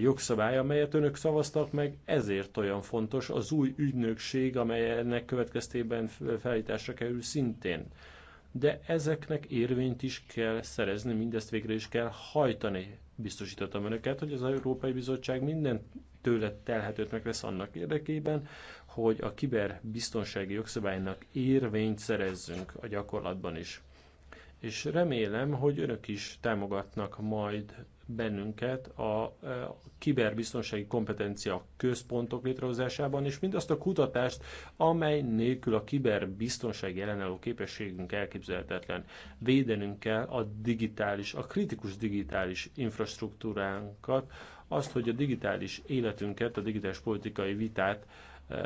A: jogszabály, amelyet önök szavaztak meg, ezért olyan fontos az új ügynökség, amelynek következtében felállításra kerül szintén de ezeknek érvényt is kell szerezni, mindezt végre is kell hajtani. Biztosítottam önöket, hogy az Európai Bizottság minden tőle telhetőt lesz annak érdekében, hogy a kiberbiztonsági jogszabálynak érvényt szerezzünk a gyakorlatban is. És remélem, hogy önök is támogatnak majd bennünket a e, kiberbiztonsági kompetencia központok létrehozásában, és mindazt a kutatást, amely nélkül a kiberbiztonsági ellenálló képességünk elképzelhetetlen. Védenünk kell a digitális, a kritikus digitális infrastruktúránkat, azt, hogy a digitális életünket, a digitális politikai vitát e,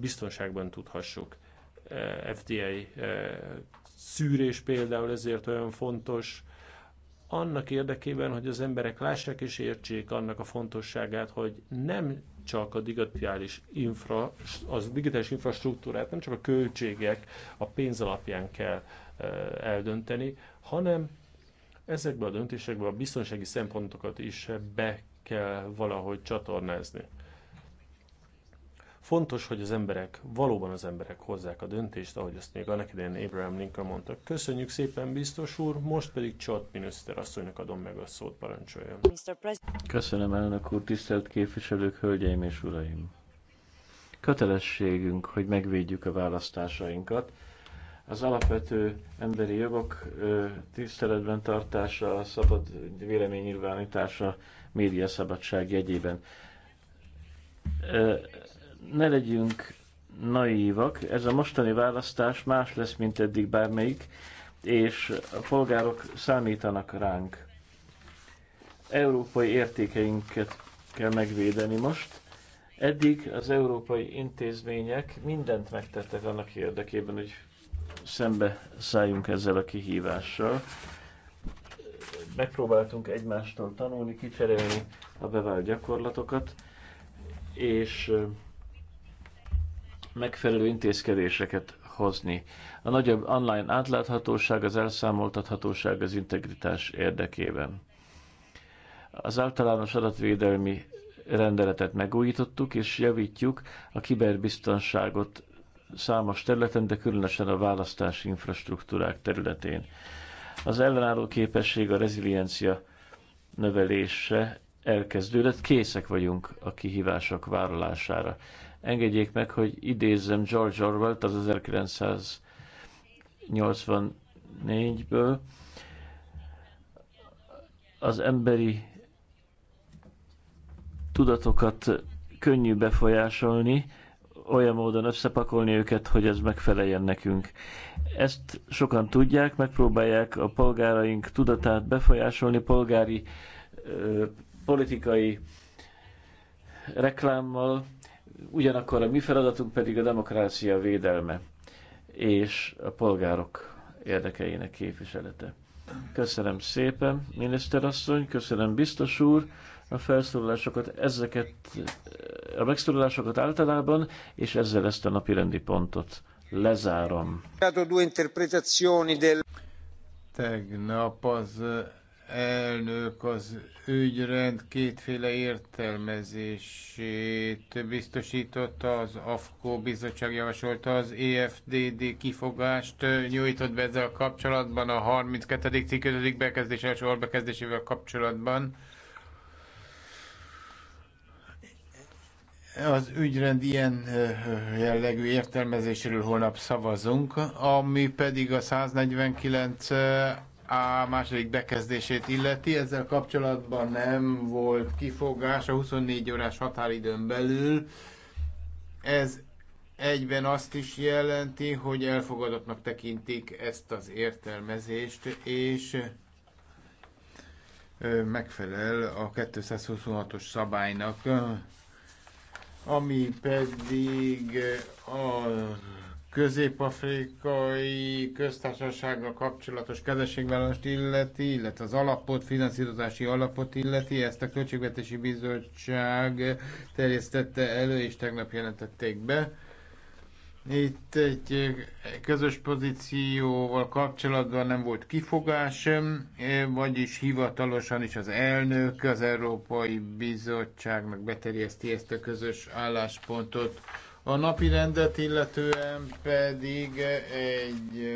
A: biztonságban tudhassuk. E, FDI szűrés például ezért olyan fontos, annak érdekében, hogy az emberek lássák és értsék annak a fontosságát, hogy nem csak a digitális, infra, az digitális infrastruktúrát, nem csak a költségek a pénz alapján kell eh, eldönteni, hanem ezekbe a döntésekbe a biztonsági szempontokat is be kell valahogy csatornázni. Fontos, hogy az emberek, valóban az emberek hozzák a döntést, ahogy azt még annak idején Abraham Lincoln mondta. Köszönjük szépen, biztos úr, most pedig Csat miniszter asszonynak adom meg a szót, parancsoljon.
C: Köszönöm, elnök úr, tisztelt képviselők, hölgyeim és uraim! Kötelességünk, hogy megvédjük a választásainkat. Az alapvető emberi jogok tiszteletben tartása, a szabad véleménynyilvánítása, médiaszabadság jegyében ne legyünk naívak, ez a mostani választás más lesz, mint eddig bármelyik, és a polgárok számítanak ránk. Európai értékeinket kell megvédeni most. Eddig az európai intézmények mindent megtettek annak érdekében, hogy szembe szálljunk ezzel a kihívással. Megpróbáltunk egymástól tanulni, kicserélni a bevált gyakorlatokat, és megfelelő intézkedéseket hozni. A nagyobb online átláthatóság, az elszámoltathatóság az integritás érdekében. Az általános adatvédelmi rendeletet megújítottuk és javítjuk a kiberbiztonságot számos területen, de különösen a választási infrastruktúrák területén. Az ellenálló képesség, a reziliencia növelése elkezdődött, készek vagyunk a kihívások vállalására. Engedjék meg, hogy idézzem George Orwell-t az 1984-ből. Az emberi tudatokat könnyű befolyásolni, olyan módon összepakolni őket, hogy ez megfeleljen nekünk. Ezt sokan tudják, megpróbálják a polgáraink tudatát befolyásolni polgári, ö, politikai reklámmal, ugyanakkor a mi feladatunk pedig a demokrácia védelme és a polgárok érdekeinek képviselete. Köszönöm szépen, miniszterasszony, köszönöm biztos úr a felszólalásokat, ezeket a megszólalásokat általában, és ezzel ezt a napi rendi pontot lezárom.
B: Tegnap az elnök az ügyrend kétféle értelmezését biztosította, az AFKO bizottság javasolta az EFDD kifogást, nyújtott be ezzel kapcsolatban a 32. cikk bekezdés első bekezdésével kapcsolatban. az ügyrend ilyen jellegű értelmezéséről holnap szavazunk, ami pedig a 149 a második bekezdését illeti, ezzel kapcsolatban nem volt kifogás a 24 órás határidőn belül. Ez egyben azt is jelenti, hogy elfogadottnak tekintik ezt az értelmezést, és megfelel a 226-os szabálynak, ami pedig a közép-afrikai köztársasággal kapcsolatos kezességvállalást illeti, illetve az alapot, finanszírozási alapot illeti, ezt a Költségvetési Bizottság terjesztette elő, és tegnap jelentették be. Itt egy közös pozícióval kapcsolatban nem volt kifogás, vagyis hivatalosan is az elnök az Európai Bizottságnak beterjeszti ezt a közös álláspontot. A napi rendet illetően pedig egy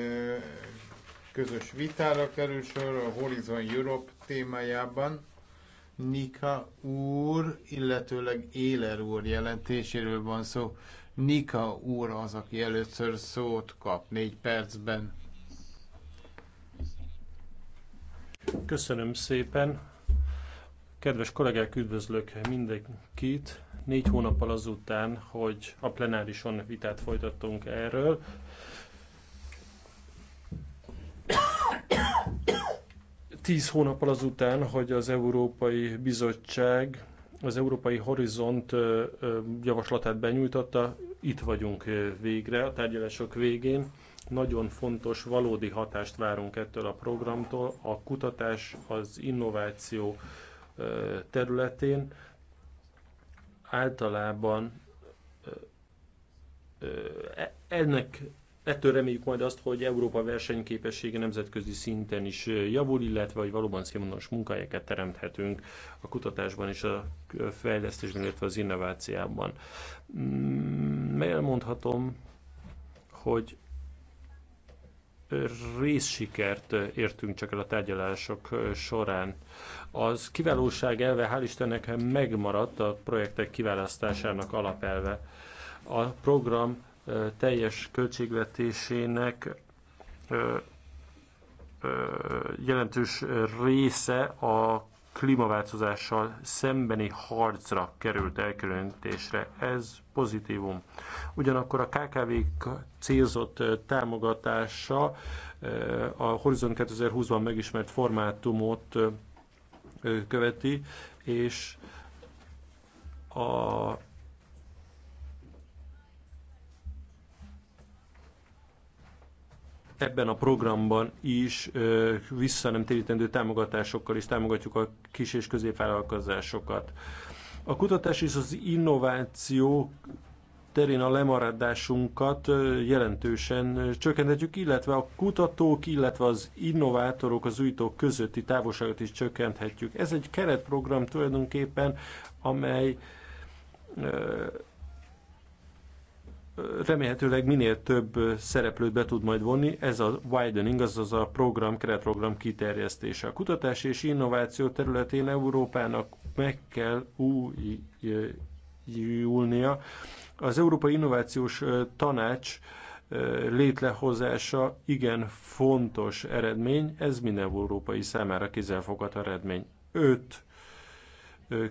B: közös vitára kerül sor a Horizon Europe témájában. Nika úr, illetőleg Éler úr jelentéséről van szó. Nika úr az, aki először szót kap négy percben. Köszönöm szépen.
A: Kedves kollégák, üdvözlök mindenkit négy hónappal azután, hogy a plenárison vitát folytattunk erről. Tíz hónappal azután, hogy az Európai Bizottság az Európai Horizont javaslatát benyújtotta, itt vagyunk végre, a tárgyalások végén. Nagyon fontos, valódi hatást várunk ettől a programtól, a kutatás, az innováció területén általában e, ennek ettől reméljük majd azt, hogy Európa versenyképessége nemzetközi szinten is javul, illetve hogy valóban színvonalas munkahelyeket teremthetünk a kutatásban és a fejlesztésben, illetve az innovációban. Mm, elmondhatom, hogy részsikert értünk csak el a tárgyalások során. Az kiválóság elve, hál' Istennek, megmaradt a projektek kiválasztásának alapelve. A program teljes költségvetésének jelentős része a klímaváltozással szembeni harcra került elkülönítésre. Ez pozitívum. Ugyanakkor a KKV célzott támogatása a Horizon 2020-ban megismert formátumot követi, és a ebben a programban is vissza nem térítendő támogatásokkal is támogatjuk a kis- és középvállalkozásokat. A kutatás és az innováció terén a lemaradásunkat jelentősen csökkenthetjük, illetve a kutatók, illetve az innovátorok, az újtók közötti távolságot is csökkenthetjük. Ez egy keretprogram tulajdonképpen, amely remélhetőleg minél több szereplőt be tud majd vonni, ez a widening, azaz a program, keretprogram kiterjesztése. A kutatás és innováció területén Európának meg kell újulnia. Az Európai Innovációs Tanács létrehozása igen fontos eredmény, ez minden európai számára kézzelfogható eredmény. Öt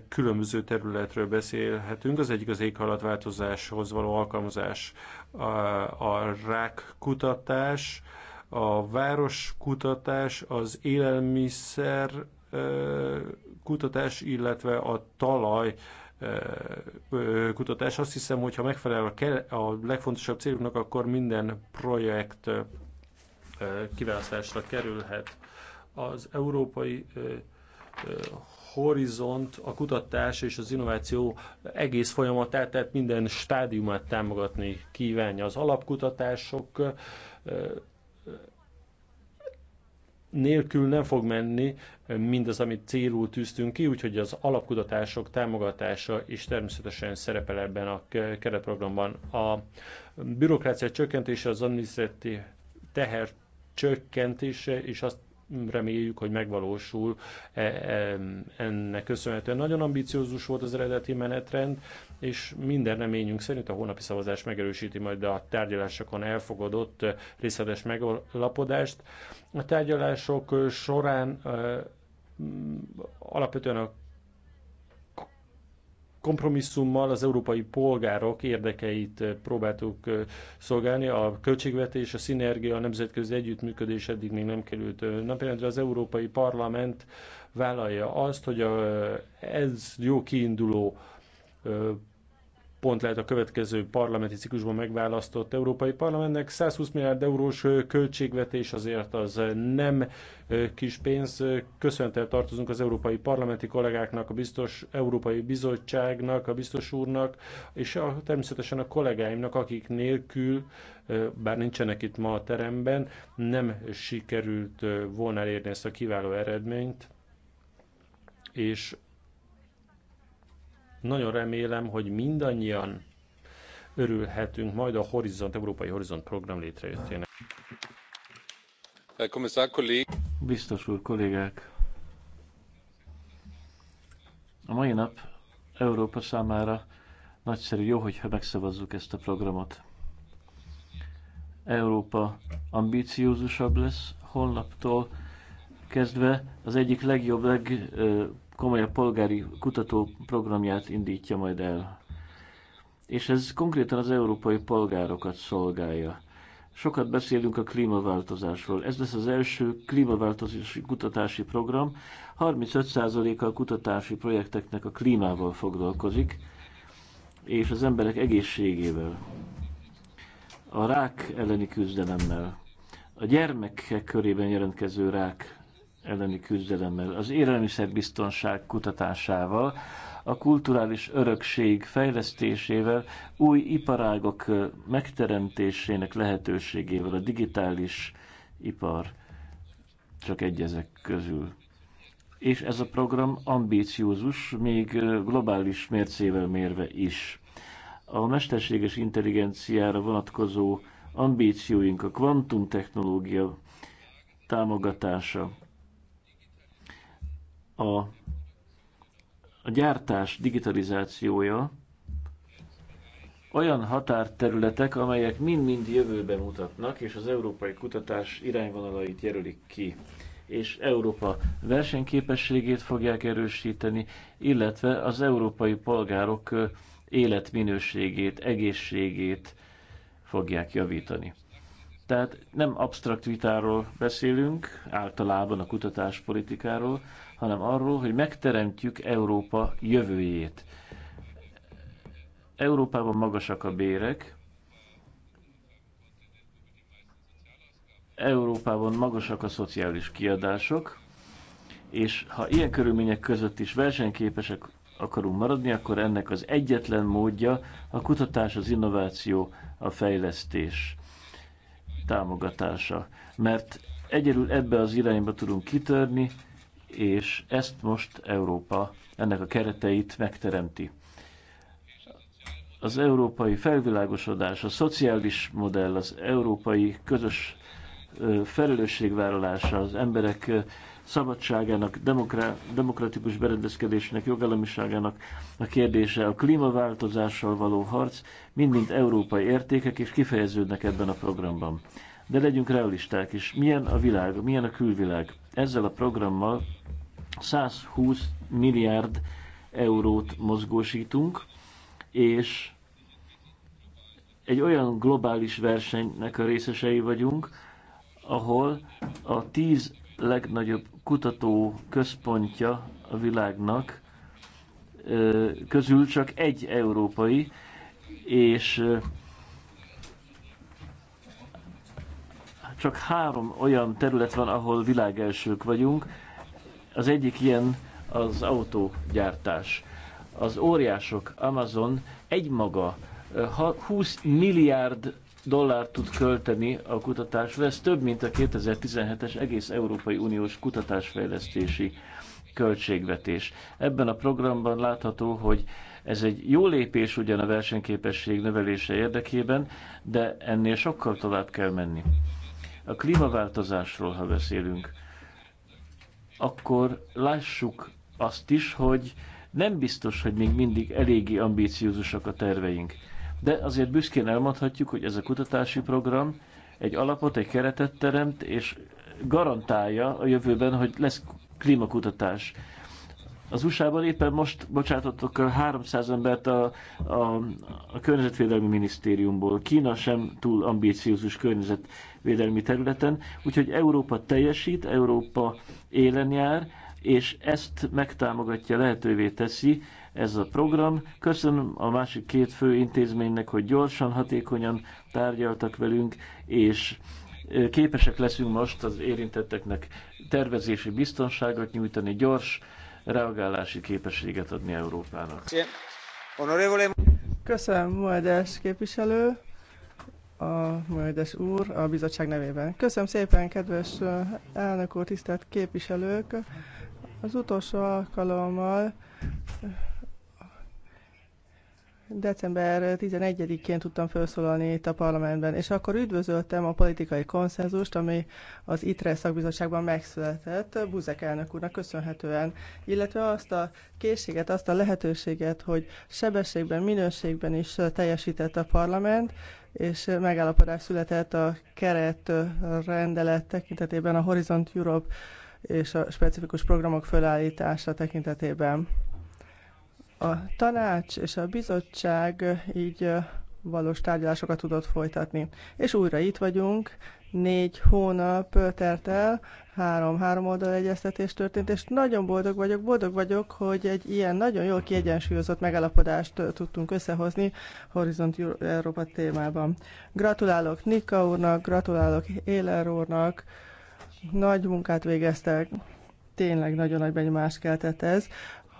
A: különböző területről beszélhetünk. Az egyik az éghajlatváltozáshoz való alkalmazás, a, a kutatás, a város kutatás, az élelmiszer kutatás, illetve a talaj kutatás. Azt hiszem, hogy ha megfelel a, a legfontosabb célunknak, akkor minden projekt kiválasztásra kerülhet. Az európai Horizont a kutatás és az innováció egész folyamatát, tehát minden stádiumát támogatni kívánja. Az alapkutatások nélkül nem fog menni mindaz, amit célul tűztünk ki, úgyhogy az alapkutatások támogatása is természetesen szerepel ebben a keretprogramban. A bürokrácia csökkentése, az adminisztratív teher csökkentése, és azt reméljük, hogy megvalósul e, e, ennek köszönhetően. Nagyon ambiciózus volt az eredeti menetrend, és minden reményünk szerint a hónapi szavazás megerősíti majd a tárgyalásokon elfogadott részletes megalapodást. A tárgyalások során e, alapvetően a kompromisszummal az európai polgárok érdekeit eh, próbáltuk eh, szolgálni. A költségvetés, a szinergia, a nemzetközi együttműködés eddig még nem került eh, Napjelentre Az Európai Parlament vállalja azt, hogy a, ez jó kiinduló pont lehet a következő parlamenti ciklusban megválasztott Európai Parlamentnek. 120 milliárd eurós költségvetés azért az nem kis pénz. Köszöntel tartozunk az európai parlamenti kollégáknak, a biztos Európai Bizottságnak, a biztos úrnak, és a, természetesen a kollégáimnak, akik nélkül, bár nincsenek itt ma a teremben, nem sikerült volna elérni ezt a kiváló eredményt és nagyon remélem, hogy mindannyian örülhetünk majd a Horizont, Európai Horizont program létrejöttének.
C: Biztos úr, kollégák! A mai nap Európa számára nagyszerű, jó, hogyha megszavazzuk ezt a programot. Európa ambíciózusabb lesz holnaptól kezdve az egyik legjobb, leg komolyabb polgári kutatóprogramját indítja majd el. És ez konkrétan az európai polgárokat szolgálja. Sokat beszélünk a klímaváltozásról. Ez lesz az első klímaváltozási kutatási program. 35%-a a kutatási projekteknek a klímával foglalkozik, és az emberek egészségével, a rák elleni küzdelemmel, a gyermekek körében jelentkező rák elleni küzdelemmel, az élelmiszerbiztonság kutatásával, a kulturális örökség fejlesztésével, új iparágok megteremtésének lehetőségével, a digitális ipar csak egy ezek közül. És ez a program ambíciózus, még globális mércével mérve is. A mesterséges intelligenciára vonatkozó ambícióink, a kvantumtechnológia támogatása, a, a gyártás digitalizációja olyan határterületek, amelyek mind-mind jövőbe mutatnak, és az európai kutatás irányvonalait jelölik ki és Európa versenyképességét fogják erősíteni, illetve az európai polgárok életminőségét, egészségét fogják javítani. Tehát nem absztrakt vitáról beszélünk, általában a kutatáspolitikáról, hanem arról, hogy megteremtjük Európa jövőjét. Európában magasak a bérek, Európában magasak a szociális kiadások, és ha ilyen körülmények között is versenyképesek akarunk maradni, akkor ennek az egyetlen módja a kutatás, az innováció, a fejlesztés támogatása. Mert egyedül ebbe az irányba tudunk kitörni, és ezt most Európa ennek a kereteit megteremti. Az európai felvilágosodás, a szociális modell, az európai közös felelősségvállalása, az emberek szabadságának, demokratikus berendezkedésnek, jogállamiságának a kérdése, a klímaváltozással való harc mind-mind európai értékek, és kifejeződnek ebben a programban. De legyünk realisták is. Milyen a világ, milyen a külvilág? Ezzel a programmal 120 milliárd eurót mozgósítunk, és egy olyan globális versenynek a részesei vagyunk, ahol a tíz legnagyobb kutató központja a világnak közül csak egy európai, és Csak három olyan terület van, ahol világelsők vagyunk. Az egyik ilyen az autógyártás. Az óriások, Amazon egymaga 20 milliárd dollárt tud költeni a kutatásra. Ez több, mint a 2017-es egész Európai Uniós kutatásfejlesztési költségvetés. Ebben a programban látható, hogy ez egy jó lépés ugyan a versenyképesség növelése érdekében, de ennél sokkal tovább kell menni. A klímaváltozásról, ha beszélünk, akkor lássuk azt is, hogy nem biztos, hogy még mindig eléggé ambíciózusak a terveink. De azért büszkén elmondhatjuk, hogy ez a kutatási program egy alapot, egy keretet teremt, és garantálja a jövőben, hogy lesz klímakutatás. Az USA-ban éppen most bocsátottak 300 embert a, a, a Környezetvédelmi Minisztériumból. Kína sem túl ambíciózus környezetvédelmi területen, úgyhogy Európa teljesít, Európa élen jár, és ezt megtámogatja, lehetővé teszi ez a program. Köszönöm a másik két fő intézménynek, hogy gyorsan, hatékonyan tárgyaltak velünk, és képesek leszünk most az érintetteknek tervezési biztonságot nyújtani, gyors, reagálási képességet adni Európának.
D: Köszönöm, Moedes képviselő, a Moedes úr a bizottság nevében. Köszönöm szépen, kedves elnök úr, tisztelt képviselők! Az utolsó alkalommal December 11-én tudtam felszólalni itt a parlamentben, és akkor üdvözöltem a politikai konszenzust, ami az ITRE szakbizottságban megszületett, Buzek elnök úrnak köszönhetően, illetve azt a készséget, azt a lehetőséget, hogy sebességben, minőségben is teljesített a parlament, és megállapodás született a keret rendelet tekintetében a Horizont Europe és a specifikus programok fölállítása tekintetében. A tanács és a bizottság így valós tárgyalásokat tudott folytatni. És újra itt vagyunk, négy hónap telt el, három-három oldal egyeztetés történt, és nagyon boldog vagyok, boldog vagyok, hogy egy ilyen nagyon jól kiegyensúlyozott megállapodást tudtunk összehozni Horizont Európa témában. Gratulálok Nika úrnak, gratulálok Éler úrnak, nagy munkát végeztek, tényleg nagyon nagy benyomást keltett ez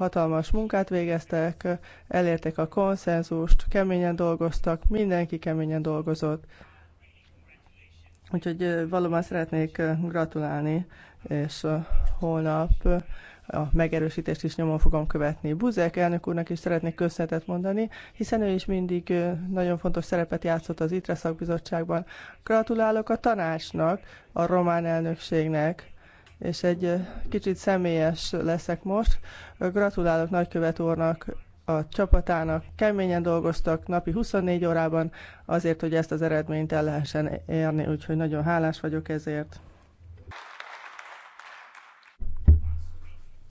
D: hatalmas munkát végeztek, elérték a konszenzust, keményen dolgoztak, mindenki keményen dolgozott. Úgyhogy valóban szeretnék gratulálni, és holnap a megerősítést is nyomon fogom követni. Buzek elnök úrnak is szeretnék köszönetet mondani, hiszen ő is mindig nagyon fontos szerepet játszott az ITRE szakbizottságban. Gratulálok a tanácsnak, a román elnökségnek, és egy kicsit személyes leszek most. Gratulálok nagykövet úrnak, a csapatának, keményen dolgoztak napi 24 órában azért, hogy ezt az eredményt el lehessen érni, úgyhogy nagyon hálás vagyok ezért.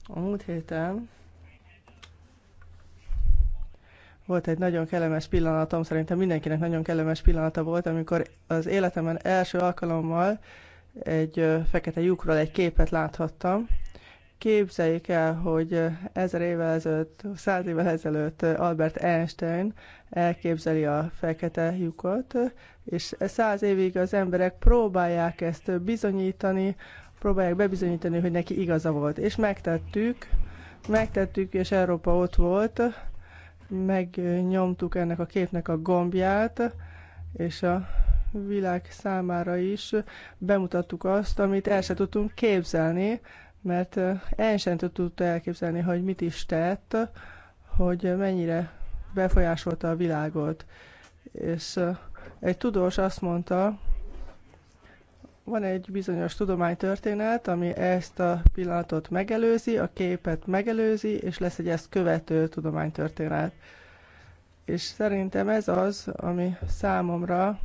D: A múlt héten volt egy nagyon kellemes pillanatom, szerintem mindenkinek nagyon kellemes pillanata volt, amikor az életemben első alkalommal egy fekete lyukról egy képet láthattam. Képzeljék el, hogy ezer évvel ezelőtt, száz évvel ezelőtt Albert Einstein elképzeli a fekete lyukot, és száz évig az emberek próbálják ezt bizonyítani, próbálják bebizonyítani, hogy neki igaza volt. És megtettük, megtettük, és Európa ott volt, megnyomtuk ennek a képnek a gombját, és a világ számára is bemutattuk azt, amit el sem tudtunk képzelni, mert el sem tudta elképzelni, hogy mit is tett, hogy mennyire befolyásolta a világot. És egy tudós azt mondta, van egy bizonyos tudománytörténet, ami ezt a pillanatot megelőzi, a képet megelőzi, és lesz egy ezt követő tudománytörténet. És szerintem ez az, ami számomra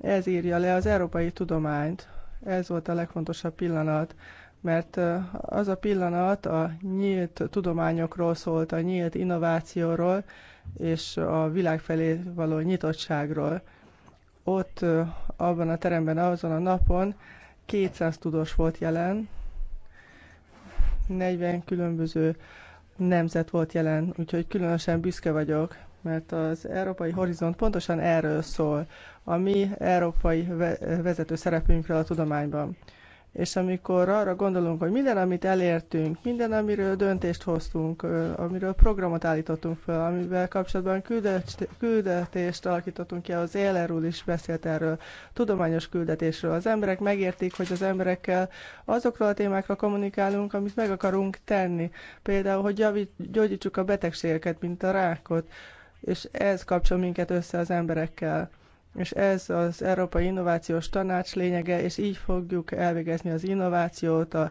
D: ez írja le az európai tudományt. Ez volt a legfontosabb pillanat, mert az a pillanat a nyílt tudományokról szólt, a nyílt innovációról és a világ felé való nyitottságról. Ott, abban a teremben, azon a napon 200 tudós volt jelen, 40 különböző nemzet volt jelen, úgyhogy különösen büszke vagyok mert az Európai Horizont pontosan erről szól, a mi európai vezető szerepünkről a tudományban. És amikor arra gondolunk, hogy minden, amit elértünk, minden, amiről döntést hoztunk, amiről programot állítottunk fel, amivel kapcsolatban küldetést alakítottunk ki, az Éler is beszélt erről, tudományos küldetésről. Az emberek megértik, hogy az emberekkel azokról a témákról kommunikálunk, amit meg akarunk tenni. Például, hogy gyógyítsuk a betegségeket, mint a rákot, és ez kapcsol minket össze az emberekkel. És ez az Európai Innovációs Tanács lényege, és így fogjuk elvégezni az innovációt, a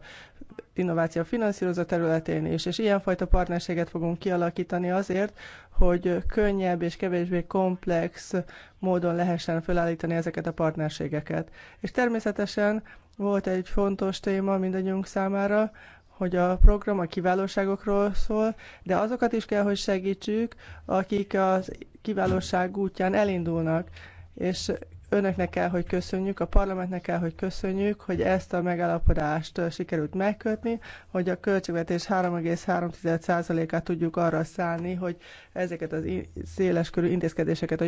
D: innováció finanszírozó területén is, és ilyenfajta partnerséget fogunk kialakítani azért, hogy könnyebb és kevésbé komplex módon lehessen felállítani ezeket a partnerségeket. És természetesen volt egy fontos téma mindegyünk számára, hogy a program a kiválóságokról szól, de azokat is kell, hogy segítsük, akik a kiválóság útján elindulnak, és önöknek kell, hogy köszönjük, a parlamentnek kell, hogy köszönjük, hogy ezt a megállapodást sikerült megkötni, hogy a költségvetés 3,3%-át tudjuk arra szállni, hogy ezeket az széleskörű intézkedéseket a